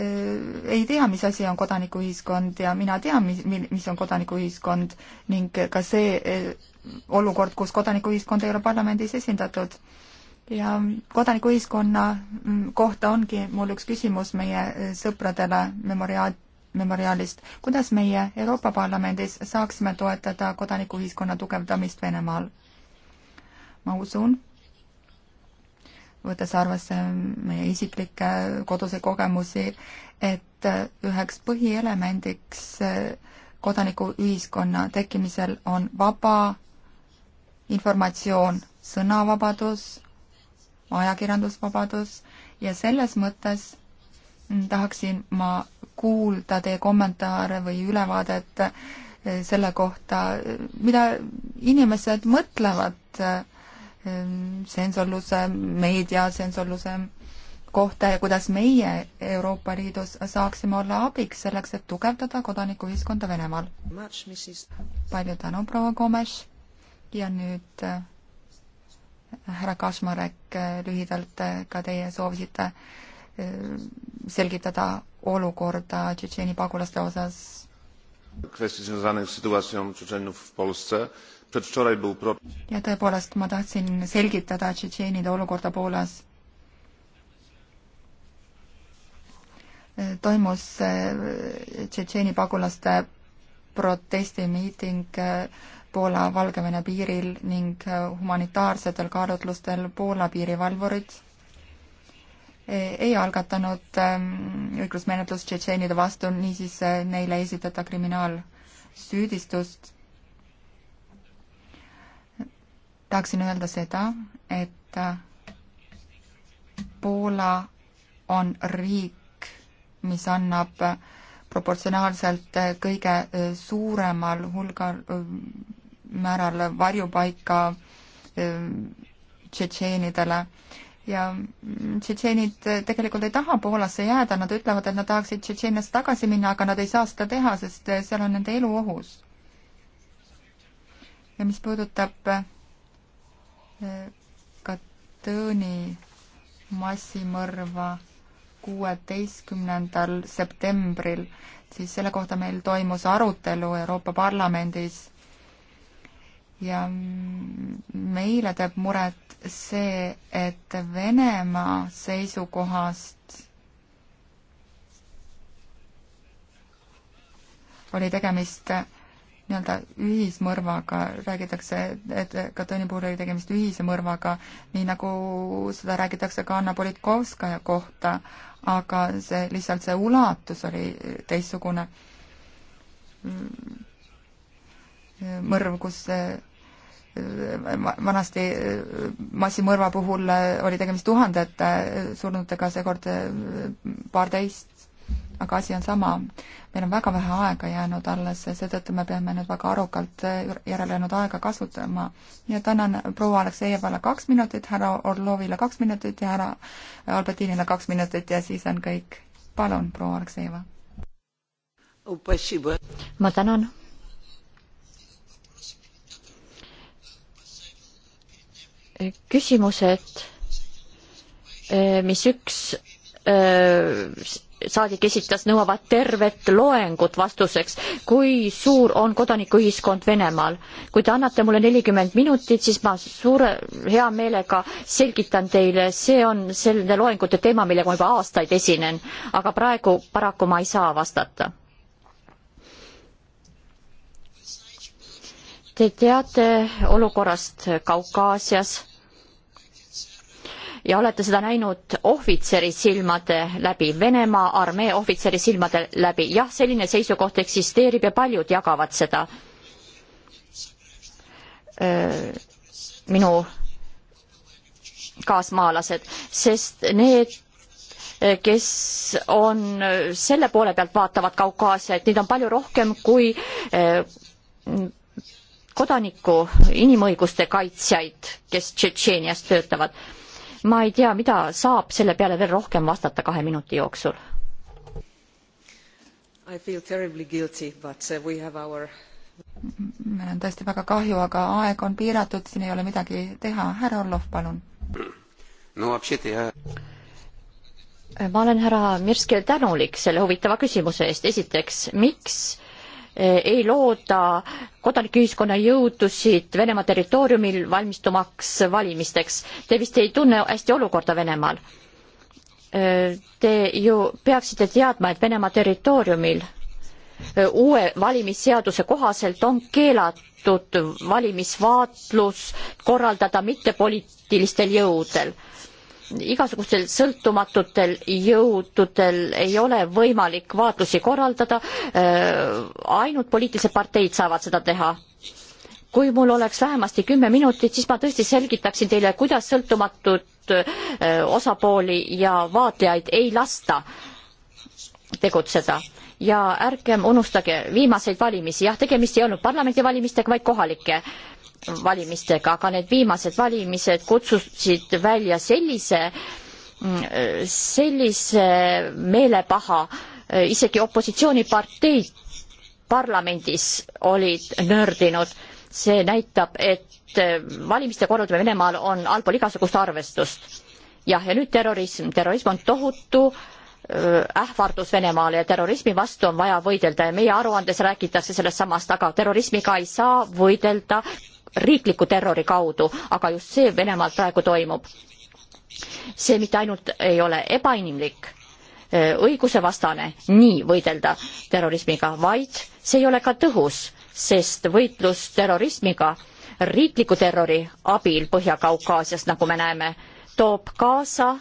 Äh, ei tea, mis asi on kodanikuühiskond ja mina tean, mis, mis on kodanikuühiskond ning ka see äh, olukord, kus kodanikuühiskond ei ole parlamendis esindatud. ja kodanikuühiskonna mm, kohta ongi mul üks küsimus meie äh, sõpradele memoriaal, memoriaalist. kuidas meie Euroopa Parlamendis saaksime toetada kodanikuühiskonna tugevdamist Venemaal? ma usun võttes arvesse meie isiklikke koduseid kogemusi, et üheks põhielemendiks kodanikuühiskonna tekkimisel on vaba informatsioon, sõnavabadus, ajakirjandusvabadus ja selles mõttes tahaksin ma kuulda teie kommentaare või ülevaadet selle kohta, mida inimesed mõtlevad äh, Ähm, sensorluse, meediasensorluse kohta ja kuidas meie Euroopa Liidus saaksime olla abiks selleks, et tugevdada kodanikuühiskonda Venemaal. palju tänu, proua Gomes ja nüüd äh, härra Kašmarek, äh, lühidalt äh, ka teie soovisite selgitada olukorda Tšetšeeni pagulaste osas kwestii związanych z sytuacją Czeczenów w Polsce. Przedwczoraj był pro... ja tõepoolest ma tahtsin selgitada Tšetšeenide olukorda Poolas. toimus äh, Tšetšeeni pagulaste protestimiiting äh, Poola-Valgevene piiril ning äh, humanitaarsetel kaalutlustel Poola piirivalvurid Eh, ei algatanud ehm, õigusmenetlust tšetšeenide vastu, niisiis eh, neile ei esitata kriminaalsüüdistust. tahaksin öelda seda, et eh, Poola on riik, mis annab proportsionaalselt kõige suuremal hulgal määral varjupaika tšetšeenidele ja tšetšeenid tegelikult ei taha Poolasse jääda, nad ütlevad, et nad tahaksid Tšetšeeniasse tagasi minna, aga nad ei saa seda teha, sest seal on nende elu ohus. ja mis puudutab äh, Katõni massimõrva kuueteistkümnendal septembril, siis selle kohta meil toimus arutelu Euroopa Parlamendis ja meile teeb muret see, et Venemaa seisukohast oli tegemist nii-öelda ühismõrvaga, räägitakse, et Katõni puhul oli tegemist ühise mõrvaga, nii nagu seda räägitakse ka Anna Politkovskaja kohta, aga see, lihtsalt see ulatus oli teistsugune mõrv, kus Äh, vanasti äh, massimõrva puhul äh, oli tegemist tuhandete surnutega, seekord paarteist, aga asi on sama. meil on väga vähe aega jäänud alles ja seetõttu me peame nüüd väga arukalt järelejäänud aega kasutama. nii et annan proua Aleksejevale kaks minutit, härra Orlovile kaks minutit ja härra Albertinile kaks minutit ja siis on kõik. palun, proua Aleksejeva. Oh, ma tänan küsimused, eh, mis üks eh, saadik esitas, nõuavad tervet loengut vastuseks, kui suur on kodanikuühiskond Venemaal. kui te annate mulle nelikümmend minutit, siis ma suure, hea meelega selgitan teile, see on selline loengute teema, millega ma juba aastaid esinen, aga praegu paraku ma ei saa vastata. Te teate olukorrast Kaukaasias ja olete seda näinud ohvitseri silmade läbi, Venemaa armee ohvitseri silmade läbi. jah, selline seisukoht eksisteerib ja paljud jagavad seda. minu kaasmaalased, sest need, kes on selle poole pealt vaatavad Kaukaasiat, neid on palju rohkem kui kodaniku inimõiguste kaitsjaid, kes Tšetšeenias töötavad ma ei tea, mida saab selle peale veel rohkem vastata kahe minuti jooksul. Uh, our... meil on tõesti väga kahju, aga aeg on piiratud, siin ei ole midagi teha. härra Orlov, palun. no вообще-то я ma olen härra Mirskile tänulik selle huvitava küsimuse eest. esiteks, miks ei looda kodanikuühiskonna jõudusid Venemaa territooriumil valmistumaks valimisteks. Te vist ei tunne hästi olukorda Venemaal. Te ju peaksite teadma, et Venemaa territooriumil uue valimisseaduse kohaselt on keelatud valimisvaatlus korraldada mittepoliitilistel jõudel igasugustel sõltumatutel jõududel ei ole võimalik vaatlusi korraldada, äh, ainult poliitilised parteid saavad seda teha kui mul oleks vähemasti kümme minutit, siis ma tõesti selgitaksin teile, kuidas sõltumatud äh, osapooli ja vaatlejaid ei lasta tegutseda ja ärgem unustage viimaseid valimisi, jah, tegemist ei olnud parlamendivalimistega, vaid kohalike valimistega, aga need viimased valimised kutsusid välja sellise, mm, sellise meelepaha, isegi opositsiooniparteid parlamendis olid nördinud. see näitab, et valimiste korraldamine Venemaal on allpool igasugust arvestust. jah, ja nüüd terrorism, terrorism on tohutu äh, Äh, ähvardus Venemaale ja terrorismi vastu on vaja võidelda ja meie aruandes räägitakse sellest samast, aga terrorismiga ei saa võidelda riikliku terrori kaudu, aga just see Venemaal praegu toimub. see mitte ainult ei ole ebainimlik, äh, õigusevastane nii võidelda terrorismiga, vaid see ei ole ka tõhus, sest võitlus terrorismiga riikliku terrori abil Põhja-Kaukaasias, nagu me näeme, toob kaasa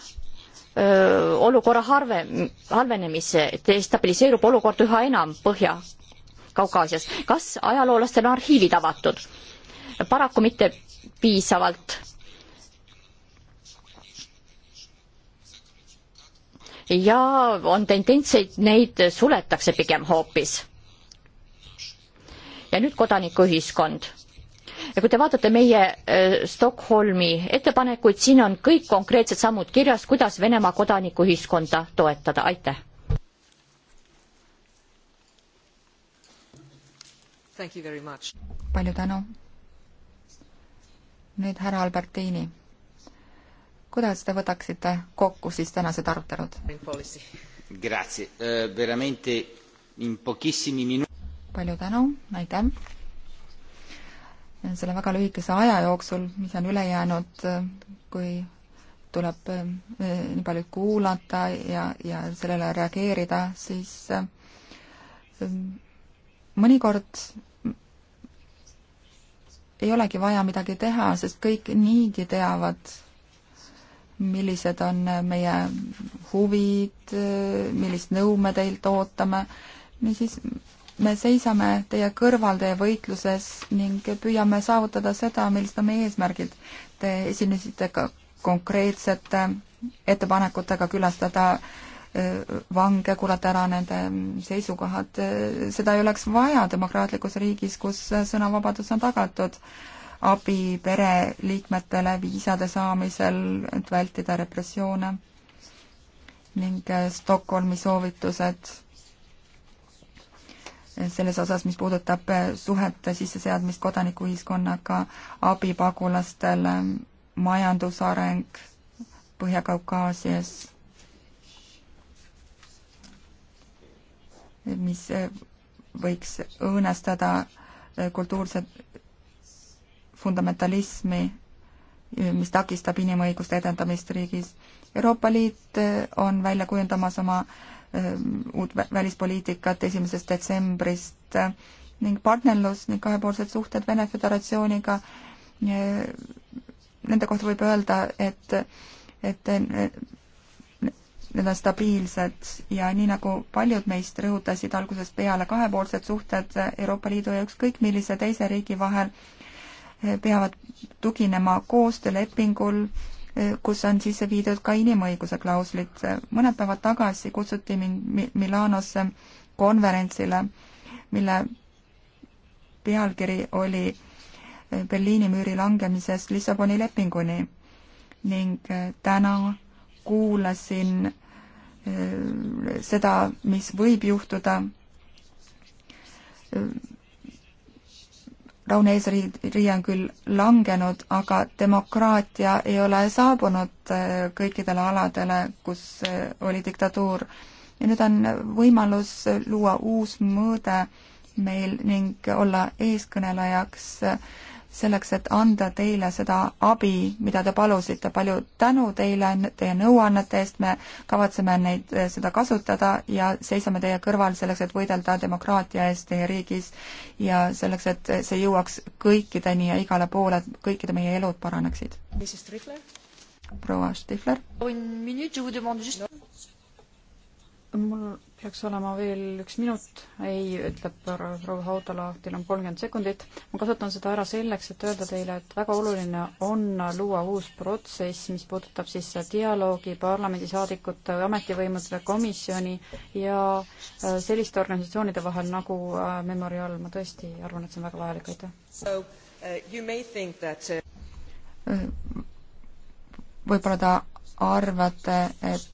olukorra harve, halvenemise, destabiliseerub olukord üha enam Põhja-Kaukaasias. kas ajaloolastel on arhiivid avatud? paraku mitte piisavalt. ja on tendentseid, neid suletakse pigem hoopis. ja nüüd kodanikuühiskond ja kui te vaatate meie äh, Stockholmi ettepanekuid, siin on kõik konkreetsed sammud kirjas, kuidas Venemaa kodanikuühiskonda toetada, aitäh. palju tänu. nüüd härra Albertini, kuidas te võtaksite kokku siis tänased arutelud? Eh, palju tänu, aitäh selle väga lühikese aja jooksul, mis on üle jäänud, kui tuleb eh, nii palju kuulata ja, ja sellele reageerida, siis eh, mõnikord ei olegi vaja midagi teha, sest kõik niigi teavad, millised on meie huvid, eh, millist nõu me teilt ootame, niisiis me seisame teie kõrval teie võitluses ning püüame saavutada seda, millised on meie eesmärgid. Te esinesite ka konkreetsete ettepanekutega külastada äh, vange, kuulata ära nende seisukohad. seda ei oleks vaja demokraatlikus riigis, kus sõnavabadus on tagatud. abi pereliikmetele viisade saamisel, et vältida repressioone ning Stockholmi soovitused selles osas, mis puudutab suhete sisseseadmist kodanikuühiskonnaga, abi pagulastele, majandusareng Põhja-Kaukaasias, mis võiks õõnestada kultuurset fundamentalismi, mis takistab inimõiguste edendamist riigis. Euroopa Liit on välja kujundamas oma äh, Ähm, uut välispoliitikat esimesest detsembrist äh, ning partnerlus ning kahepoolsed suhted Vene Föderatsiooniga, äh, nende kohta võib öelda, et, et need on stabiilsed ja nii, nagu paljud meist rõhutasid algusest peale, kahepoolsed suhted Euroopa Liidu ja ükskõik millise teise riigi vahel äh, peavad tuginema koostöölepingul, kus on sisse viidud ka inimõiguse klauslid. mõned päevad tagasi kutsuti mind Milanosse konverentsile, mille pealkiri oli eh, Berliini müüri langemisest Lissaboni lepinguni ning eh, täna kuulasin eh, seda, mis võib juhtuda Raune eesriie on küll langenud, aga demokraatia ei ole saabunud äh, kõikidele aladele, kus äh, oli diktatuur. ja nüüd on võimalus luua uus mõõde meil ning olla eeskõnelejaks äh, selleks, et anda teile seda abi, mida te palusite. palju tänu teile, teie nõuannete eest, me kavatseme neid, eh, seda kasutada ja seisame teie kõrval selleks, et võidelda demokraatia eest teie riigis ja selleks, et see jõuaks kõikideni ja igale poole, et kõikide meie elud paraneksid. proua Stifler. mul peaks olema veel üks minut, ei, ütleb proua Haudala, teil on kolmkümmend sekundit. ma kasutan seda ära selleks, et öelda teile, et väga oluline on luua uus protsess, mis puudutab siis dialoogi parlamendisaadikute, ametivõimude komisjoni ja äh, selliste organisatsioonide vahel nagu äh, Memorial, ma tõesti arvan, et see on väga vajalik, aitäh. Uh, uh, äh, võib-olla te arvate, et